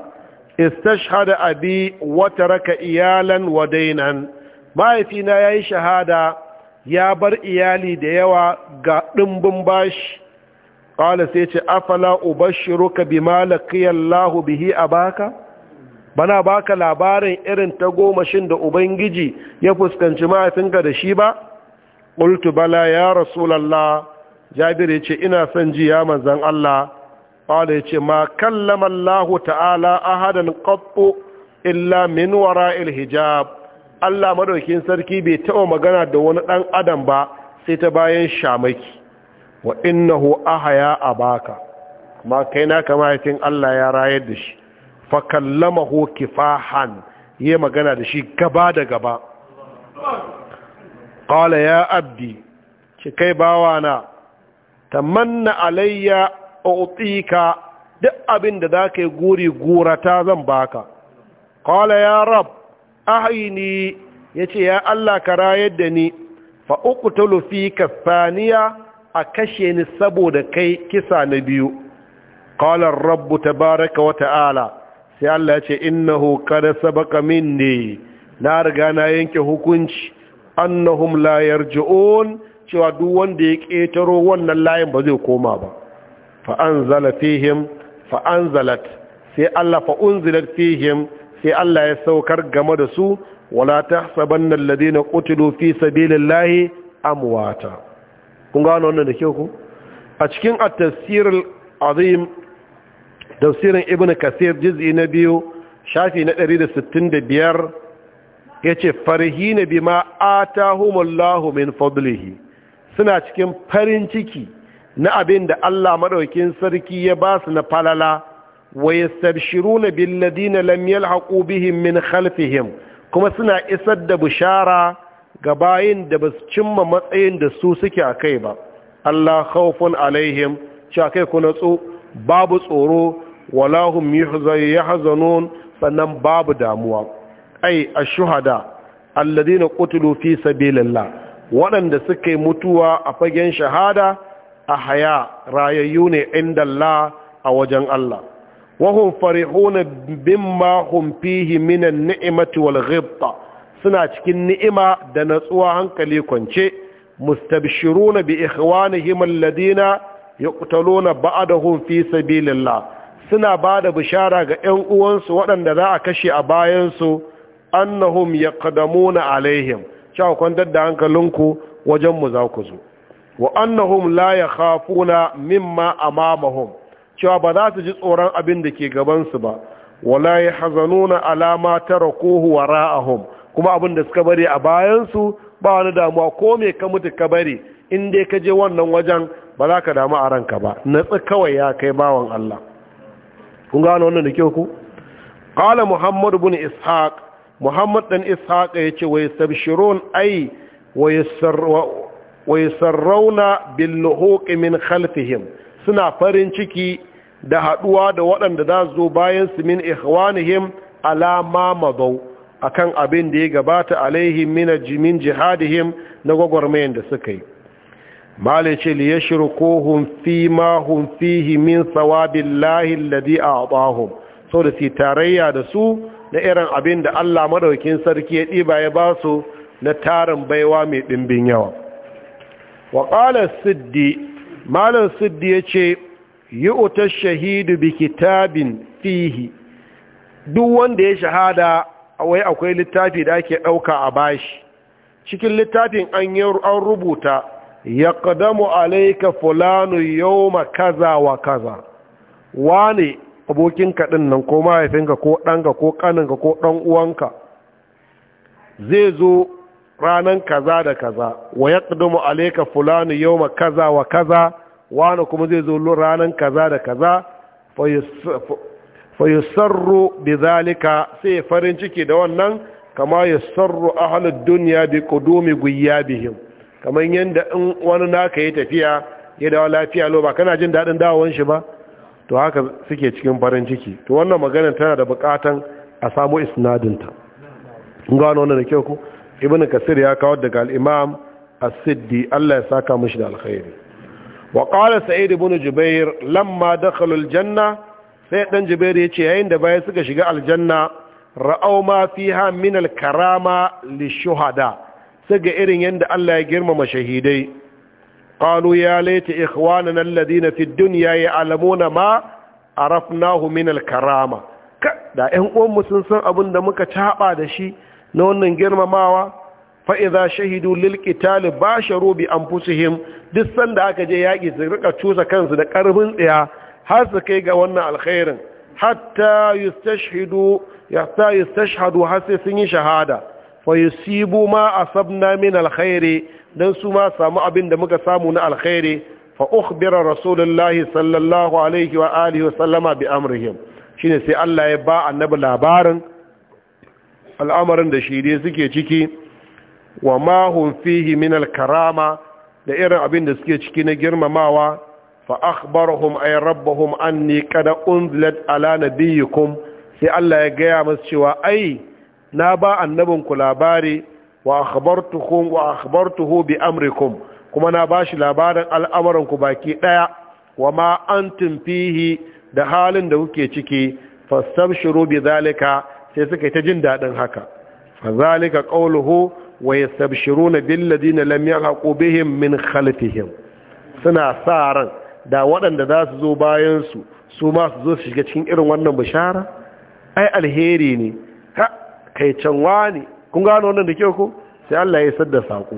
istashhada abi wata raka iyalan wa dainan mahaifina yi shahada ya bar iyali da yawa ga ɗumbin bashi qala ya ce afala roka bi malakiyar lahu bihi a baka. bana baka labarin irin ta gomashin da ubangiji ya fuskanci mahaifinka da shi ba ƙultu bala ya rasulullah jabir ce ina son ji ya manzan Allah ya ce ma kallama ta'ala ahadan ƙaɓo illa min wara'il hijab Allah madaukin sarki bai taɓa magana da wani ɗan adam ba sai ta bayan shamaki wa innahu ahaya abaka ma kai na kama yakin Allah ya rayar da shi fa kifahan yayi magana da shi gaba da gaba qala ya abdi ce kai bawana tamanna alayya utika duk abin da zaka yi guri gurata zan baka qala ya rab ahini yace ya Allah ka rayar da ni fa uqtulu fika kafaniya a kashe ni saboda kai kisa na biyu qala Rabbu rabb baraka wa sai Allah ya ce innahu qad sabaka minni na riga na yanke hukunci annahum la yarji'un cewa duk wanda ya ketaro wannan layin ba zai koma ba fa anzala fihim fa anzalat sai Allah fa unzilat fihim sai Allah ya saukar game da su wala tahsabanna alladhina qutilu fi sabilillahi amwata kun gano wannan da kyau ku a cikin at-tafsir azim tafsirin ibn kasir jiz'i na biyu shafi na 165 yace farihina bima atahumullahu min fadlihi suna cikin farin ciki na abin da Allah maɗaukin sarki ya ba su na falala wa na bil ladina lam yalhaqu bihim min khalfihim kuma suna isar da bishara ga bayin da basu cimma matsayin da su suke a kai ba Allah khawfun alaihim cewa kai ku natsu babu tsoro walahum hazanon sannan babu damuwa ai ashuhada alladhina qutilu fi sabilillah waɗanda suka yi mutuwa a fagen shahada a haya rayayyu ne inda Allah a wajen Allah wahum farihuna bimma hum fihi minan ni'mati wal ghibta suna cikin ni'ima da natsuwa hankali kwance mustabshiruna bi ikhwanihim alladhina yuqtaluna ba'dahum fi sabilillah suna bada bishara ga ƴan uwansu waɗanda za a kashe a bayan su annahum yaqdamuna alaihim cewa kwantar dadda hankalinku wajen mu za ku zo wa annahum la yakhafuna mimma amamahum cewa ba za su ji tsoron abin da ke gaban su ba wala yahzanuna ala ma tarakuhu wara'ahum kuma abin da suka bari a bayan su ba wani damuwa ko me ka mutu ka bari in dai ka je wannan wajen ba za ka damu a ranka ba natsi kawai ya kai bawan Allah kun gano wannan da kyau ku ƙala Muhammadu bin ishaq muhammad ɗan ishaq ya wa yastabshirun ay wa wa yasarruna bil min khalfihim suna farin ciki da haɗuwa da waɗanda za su zo bayan su min ikhwanihim alama ma a kan abin da ya gabata alaihim min jihadihim na gwagwarmayan da suka yi mala ce li ko hunfi ma hum fihi min thawabillahi alladhi a'tahum so da su tarayya da su na irin abin da Allah madaukin sarki ya ɗiba ya ba su na tarin baiwa mai ɗimbin yawa wa qala siddi malam siddi yace yu'ta shahidu bi kitabin fihi duk wanda ya shahada wai akwai littafi da ake ɗauka a bashi cikin littafin an rubuta ya ƙadamu alaika fulanu yau kaza wa kaza wane abokin kaɗin nan ko mahaifinka ko ɗanka ko ƙaninka ko ɗan uwanka zai zo ranan kaza da kaza wa ya ƙadamu alaika fulanu yau kaza wa kaza wane kuma zai zo ranan kaza da kaza fa yusarru bi zalika sai farin ciki da wannan kama yusarru ahlud dunya bi qudumi guyyabihim kamar yadda in wani naka yi tafiya ya dawo lafiya lo ba kana jin daɗin dawon shi ba to haka suke cikin farin ciki to wannan maganar tana da buƙatan a samo isnadinta in gano wani da kyau ku ibn kasir ya kawar daga al'imam imam as-siddi Allah ya saka shi da alkhairi wa qala sa'id ibn jubair lamma da janna sai dan jubair ce yayin da bayan suka shiga aljanna ra'au ma fiha min al-karama lishuhada sai ga irin yadda Allah ya girmama shahidai qalu ya laita ikhwanana alladhina fid dunya alamuna ma arafnahu min al-karama da ƴan uwanmu sun san abin da muka taɓa da shi na wannan girmamawa fa shahidu lil qital basharu bi anfusihim duk sanda aka je yaki su rika cusa kansu da ƙarfin tsaya har su kai ga wannan alkhairin hatta hatta yustashhadu har sai sun yi shahada fayusibu ma asabna min alkhairi dan su ma samu abin da muka samu na alkhairi fa ukhbira rasulullahi sallallahu alaihi wa alihi wa sallama bi amrihim shine sai Allah ya ba annabi labarin al'amarin da shi dai suke ciki wa ma hum fihi min alkarama da irin abin da suke ciki na girmamawa fa akhbarahum ay rabbuhum anni qad unzilat ala nabiyyikum sai Allah ya gaya musu cewa ai na ba annabin ku labari wa akhbartukum wa akhbartuhu bi amrikum kuma na ba shi labarin al'amuranku baki daya wa ma antum fihi da halin da kuke ciki fastabshiru bi zalika sai suka yi ta jin dadin haka fa zalika qawluhu wa yastabshiruna bil ladina lam yaqu bihim min khalfihim suna sa ran da waɗanda za su zo bayansu su ma su zo su shiga cikin irin wannan bishara ai alheri ne kai canwa wani kun gano wannan da ke ku? sai Allah ya sadda sako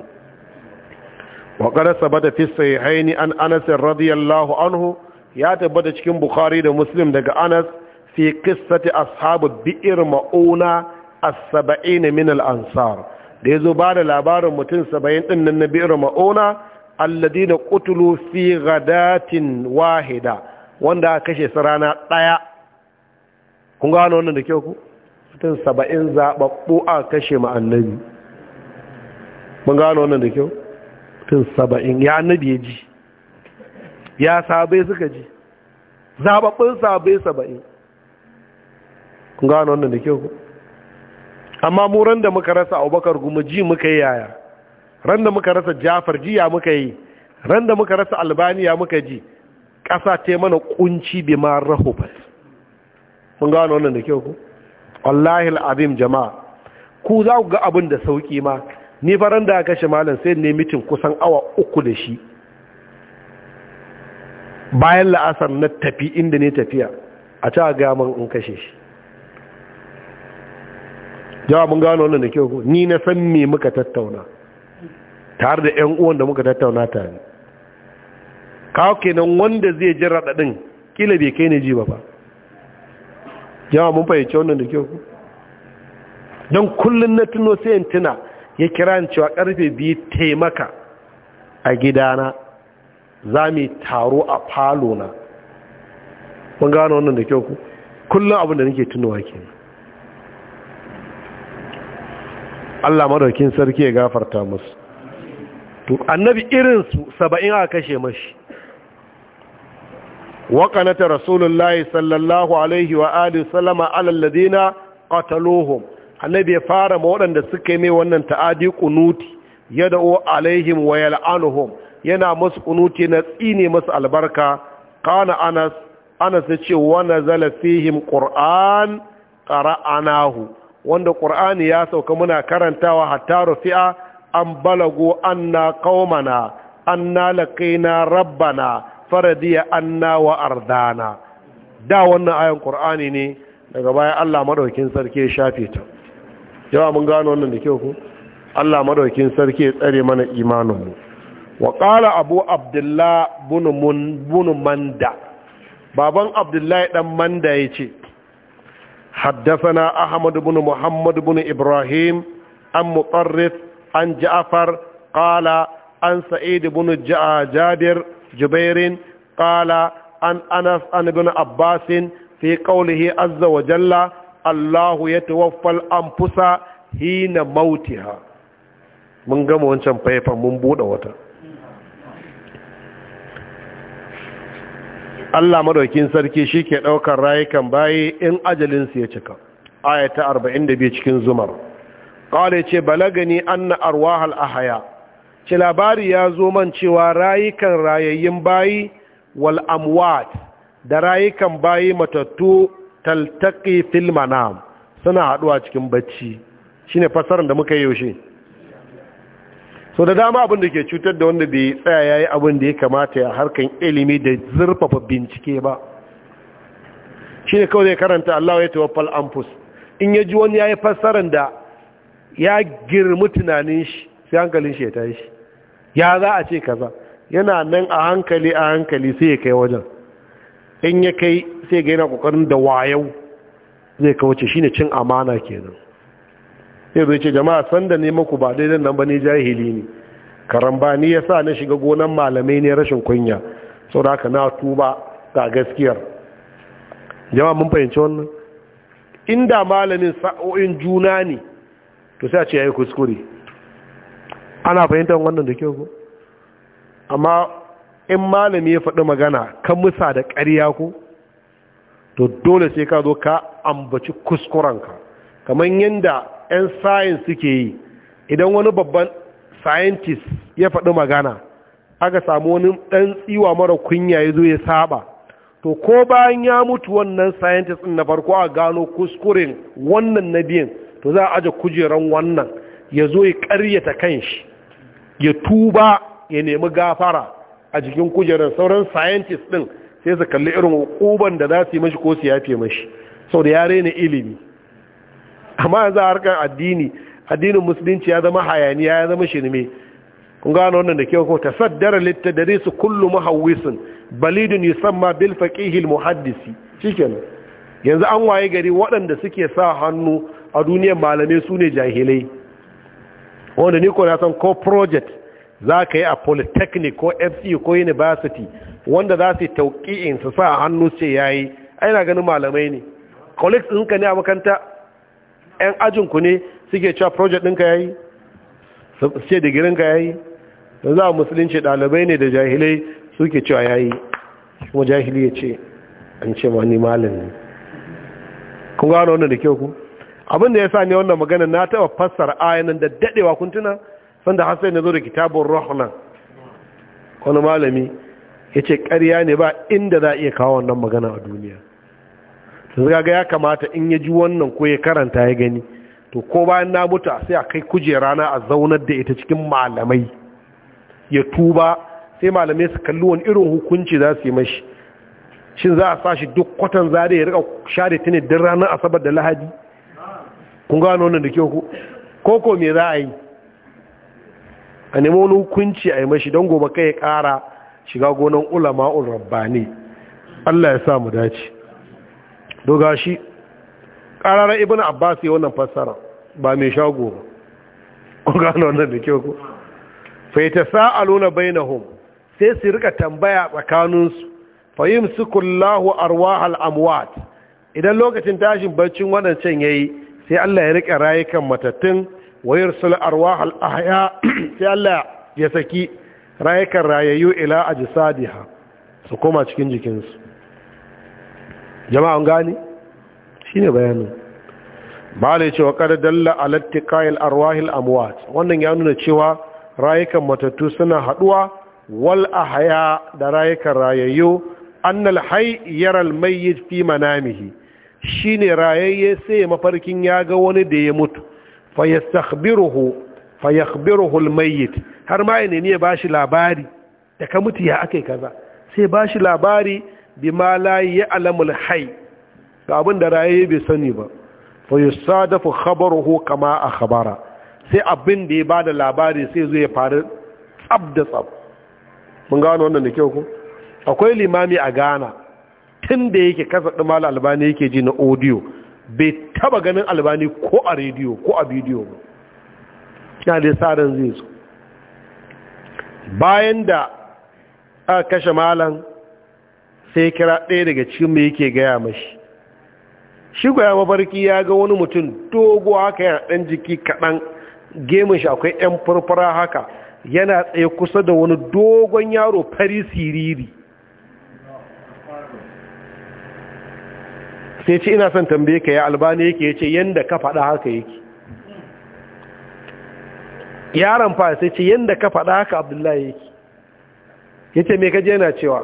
wa qad sabata fi sahihaini an Anas radiyallahu anhu ya tabbata cikin Bukhari da Muslim daga Anas fi qissati ashabu bi'r mauna as-70 min al-ansar da yazo ba da labarin mutum 70 din nan na bi'r mauna alladina qutlu fi ghadatin wahida wanda kashe su rana daya kun gano wannan da ke ku? mutum saba'in zaɓaɓɓu a kashe ma'annabi mun gano wannan da kyau mutum saba'in ya annabi ya ji ya sabai suka ji zaɓaɓɓun sabai saba'in mun gano wannan da kyau amma mu ran da muka rasa abubakar kuma ji muka yi yaya ran da muka rasa jafar jiya muka yi ran da muka rasa albaniya muka ji ƙasa ta mana kunci bi ma rahobar mun gano wannan da kyau ku wallahi al'azim jama'a ku za ku ga abin da sauki ma ni faran da aka shi malam sai ne mitin kusan awa uku da shi bayan la'asar na tafi inda ne tafiya a ta gaman in kashe shi jawabin gano wannan da kyau ni na san me muka tattauna tare da 'yan uwan da muka tattauna tare kawo kenan wanda zai ji raɗaɗin kila bai kai ne ji ba ba Jama mun fahimci wannan da kyau ku don kullum na tuno sai tuna ya kira cewa karfe biyu taimaka a gidana za mu taro a falo na mun gano wannan da kyau ku kullum abin da nake tunowa ke Allah madaukin sarki ya gafarta musu to annabi irinsu saba'in aka kashe mashi وقنت رسول الله صلى الله عليه وآله وسلم على annabi ya fara ma waɗanda suka yi mai wannan ta'adi kunuti ya da'o alaihim wa yal'anuhum yana musu kunuti na tsine musu albarka kana anas anas ce wa nazala fihim qur'an qara'anahu wanda qur'ani ya sauka muna karantawa hatta rufi'a an balago anna qaumana anna laqina rabbana faradiya anna wa ardana da wannan ayan qur'ani ne daga baya Allah madaukin sarki ya shafe ta yawa mun gano wannan da kyau ko? Allah madaukin sarki ya tsare mana imanin mu wa qala abu abdullah bin mun manda baban abdullah dan manda yace حدثنا أحمد بن محمد بن إبراهيم عن مطرف عن جعفر قال عن سعيد بن جابر جبير قال عن أنس عن ابن عباس في قوله عز وجل الله يتوفى الأنفس حين موتها mun gama wancan faifan mun buɗe wata Allah madaukin sarki shi ke ɗaukar rayukan bayi in ajalinsu ya cika ayata 42 cikin zumar ƙwale ce balagani an na arwahal ahaya ce labari ya zo man cewa rayukan rayayyin bayi wal amwat da rayukan bayi matattu taltaki fil manam suna haduwa cikin bacci shine fasarar da muka yi yaushe so da dama abin da ke cutar da wanda bai tsaya yayi abin da ya kamata ya harkan ilimi da zurfafa bincike ba shine kawai zai karanta Allah ya tawaffal anfus in ya ji wani yayi fasarar da ya girmi tunanin shi sai hankalin shi ya tashi ya za a ce kaza yana nan a hankali a hankali sai ya kai wajen in ya kai sai ga yana kokarin da wayau zai kawace shine cin amana kenan sai zai ce jama'a sanda ne maku ba daidai nan ba ne jahili ne karambani ya sa na shiga gonan malamai ne rashin kunya saboda aka na tuba ga gaskiyar jama'a mun fahimci wannan inda malamin sa'o'in juna ne to sai a ce yayi kuskure ana fahimtar wannan da kyau ko amma in malami ya faɗi magana kan musa da ƙarya ko to dole sai ka zo ka ambaci kuskuren ka kamar yadda 'yan sayin suke yi idan wani babban scientist ya faɗi magana aka samu wani ɗan tsiwa mara kunya ya zo ya saba to ko bayan ya mutu wannan scientist na farko a gano kuskuren wannan na biyan to za a aje kujeran wannan ya zo ya ƙaryata kanshi ya tuba ya nemi gafara a jikin kujerar sauran scientist din sai su kalli irin hukuban da za su yi mashi ko su yafe mashi sau da yare na ilimi amma yanzu a harkar addini addinin musulunci ya zama hayaniya ya zama shirme kun gano wannan da kyau ko ta saddara da su kullu hawisun balidun yusamma bil faqihil muhaddisi shikenan yanzu an waye gari waɗanda suke sa hannu a duniyar malamai su ne jahilai wanda ni ko na san ko project za ka yi a polytechnic ko fce ko university wanda za su yi tauƙi'in su sa hannu ce ya yi aina ganin malamai ne colleagues ɗinka ne a makanta 'yan ajinku ne suke cewa project ɗinka ya yi su ce digirinka ya yi da za a musulunci ɗalibai ne da jahilai suke cewa ya yi kuma jahili ya ce an ce ma ni malin ne kun gano wannan da kyau ku abin da ya sa ne wannan magana na taɓa fassara ayanan da daɗewa kun sanda hassan ya zo da kitabun rahman wani malami ya ce ƙarya ne ba inda za a iya kawo wannan magana a duniya zaga ga ya kamata in ya ji wannan ko ya karanta ya gani to ko bayan na mutu sai a kai kuje na a zaunar da ita cikin malamai ya tuba sai malamai su kalli wani irin hukunci za su yi mashi shin za a sa shi duk kwatan zare ya rika share ta ne don ranar asabar da lahadi kun gano wannan da kyau ko ko me za a yi a nemo wani hukunci a yi mashi don gobe kai ya kara shiga gonan ulama'ul rabbani Allah ya sa mu dace doga shi ƙararar ibn abbas ya wannan fassara ba mai shago ba kun gano wannan da kyau ko fai ta na bainahum sai su rika tambaya tsakaninsu fahim sukullahu arwahal amwat idan lokacin tashin baccin can yayi sai Allah ya riƙe rayukan matattun wayar yursil arwah a ahya sai Allah ya saki rayukan rayayyu ila ajsadiha su koma cikin jikinsu jama'an gani shine bayanin ba da cewa kada dalla ala tiqayil arwahil amuwat wannan ya nuna cewa rayukan matattu suna haduwa wal ahya da rayukan rayayyu annal hai yaral al mayyit fi manamihi Shi ne rayayye sai mafarkin ya ga wani da ya mutu fayastakhbiruhu fayakhbiruhu har ma yana ne ba shi labari da ka mutu ya akai kaza sai ba shi labari bima la ya'lamul hayy ga abin da rayayye bai sani ba fayusadafu khabaruhu kama akhbara sai abin da ya bada labari sai zo ya faru tsab da tsab mun gano wannan da kyau ko akwai limami a Ghana tun da yake kasa ɗin albani yake ji na audio bai taba ganin albani ko a rediyo ko a bidiyo ba ya dai tsarin zai su bayan da a kashe malam sai kira ɗaya daga cikin mai yake gaya mashi shi gwaya mafarki ya ga wani mutum dogo haka yana ɗan jiki kaɗan gemun shi akwai 'yan farfara haka yana tsaye kusa da wani dogon yaro fari siriri sai ce ina son tambaye ka ya albani yake ya ce yadda ka faɗa haka yake yaron fa sai ce yadda ka faɗa haka abdullahi yake ya ce me kaji yana cewa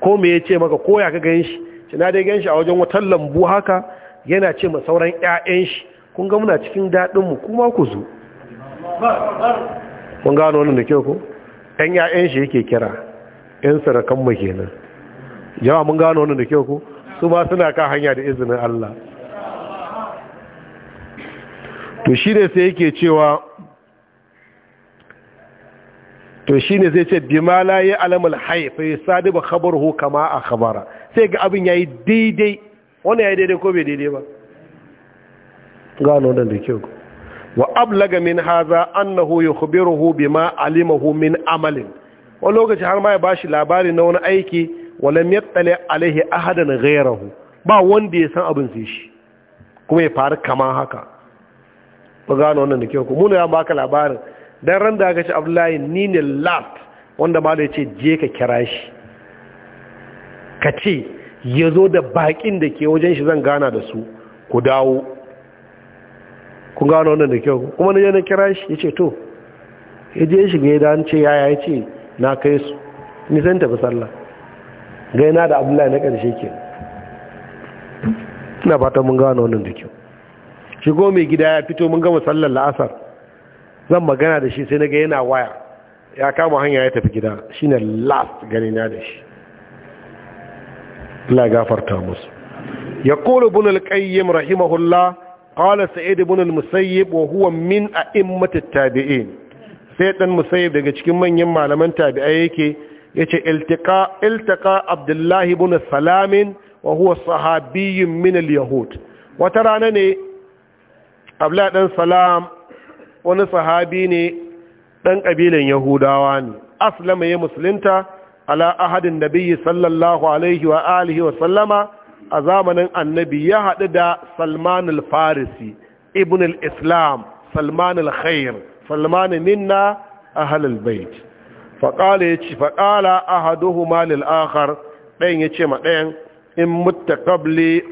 ko me ya ce maka koya ka gan shi ce na dai gan shi a wajen watan lambu haka yana ce ma sauran 'ya'yan shi kun ga muna cikin daɗinmu kuma ku zo mun gano wani da kyau ko 'Yan 'ya'yan shi yake kira 'yan sarakan mu kenan jama'a mun gano wani da kyau ko su ma suna kan hanya da izinin Allah to shi ne sai yake cewa to shi ne sai ce bima la ya alamul haif ya ba khabaruhu kama a khabara sai ga abin yi daidai wani ya yi daidai ko bai daidai ba gano nan da kyau wa ablaga min haza annahu yukhbiruhu bima alimahu min amalin wani lokaci har ma ya bashi labarin na wani aiki walam yattali alaihi ahadan ghayrahu ba wanda ya san abin sai shi kuma ya faru kama haka ba gano wannan da kyau ku mun ya baka labarin dan ran da aka ci Abdullahi ni ne lat wanda ba da ya ce je ka kira shi ka ce ya zo da bakin da ke wajen shi zan gana da su ku dawo ku gano wannan da kyau kuma na yana kira shi ya ce to ya je shi ga ya ce yaya yace na kai su nisan tafi sallah gaina da abdullahi na karshe ke ina fata mun gano wannan da kyau shigo mai gida ya fito mun gama sallar la'asar zan magana da shi sai na ga yana waya ya kama hanya ya tafi gida shi shine last gani na da shi la gafarta musu Ya يقول ابن rahimahullah رحمه الله قال سعيد بن المسيب وهو من أئمة sai dan المسيب daga cikin manyan malaman tabi'ai yake yace ce iltaka abdullahi ibn salamin wa huwa sahabiyin min al-yahud wata rana ne abdullahi dan salam wani sahabi ne dan kabilan yahudawa ne aslama ya musulunta ala ahadin nabiyyi sallallahu alaihi wa alihi wa sallama a zamanin annabi ya haɗu da salman al-farisi ibn al-islam salman al-khair salman minna ahlul bait faƙala ya ce faƙala a haduhu malil akhar ɗayan ya ce ma ɗayan in mutta kabli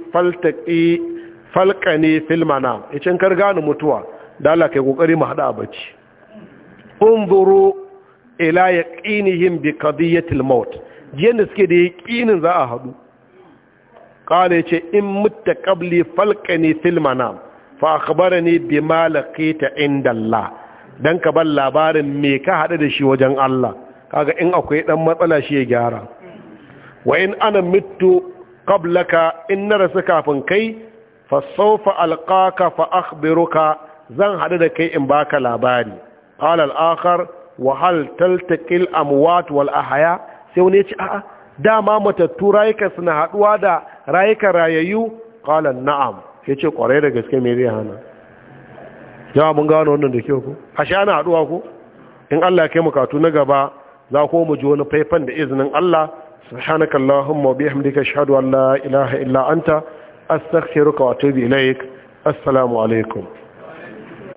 falƙani filmana ya ce kar gane mutuwa da ala kai ƙoƙari mu haɗa a bacci unzuru ila yin bi qadiyatil maut jiyan da suke da yaqinin za a haɗu ƙala ya ce in mutta ƙabli falƙani filmana fa ne bi malaƙi inda indalla don ka ban labarin me ka haɗu da shi wajen Allah kaga in akwai ɗan matsala shi ya gyara wa in ana mitu ƙablaka in na rasu kafin kai fa sawfa alqaka fa akbiruka zan haɗu da kai in ba ka labari alal akar akhar wa hal wal ahya sai wani ya a dama matattu rayuka suna haɗuwa da rayuka rayayyu qala na'am yace ƙwarai da gaske me zai hana yawa mun gano wannan da kyau ko a sha na haɗuwa ko in Allah ya kai mu katu na gaba za ko mu ji wani faifan da izinin Allah subhanaka allahumma wa bihamdika ashhadu an la ilaha illa anta astaghfiruka wa atubu ilaik assalamu alaikum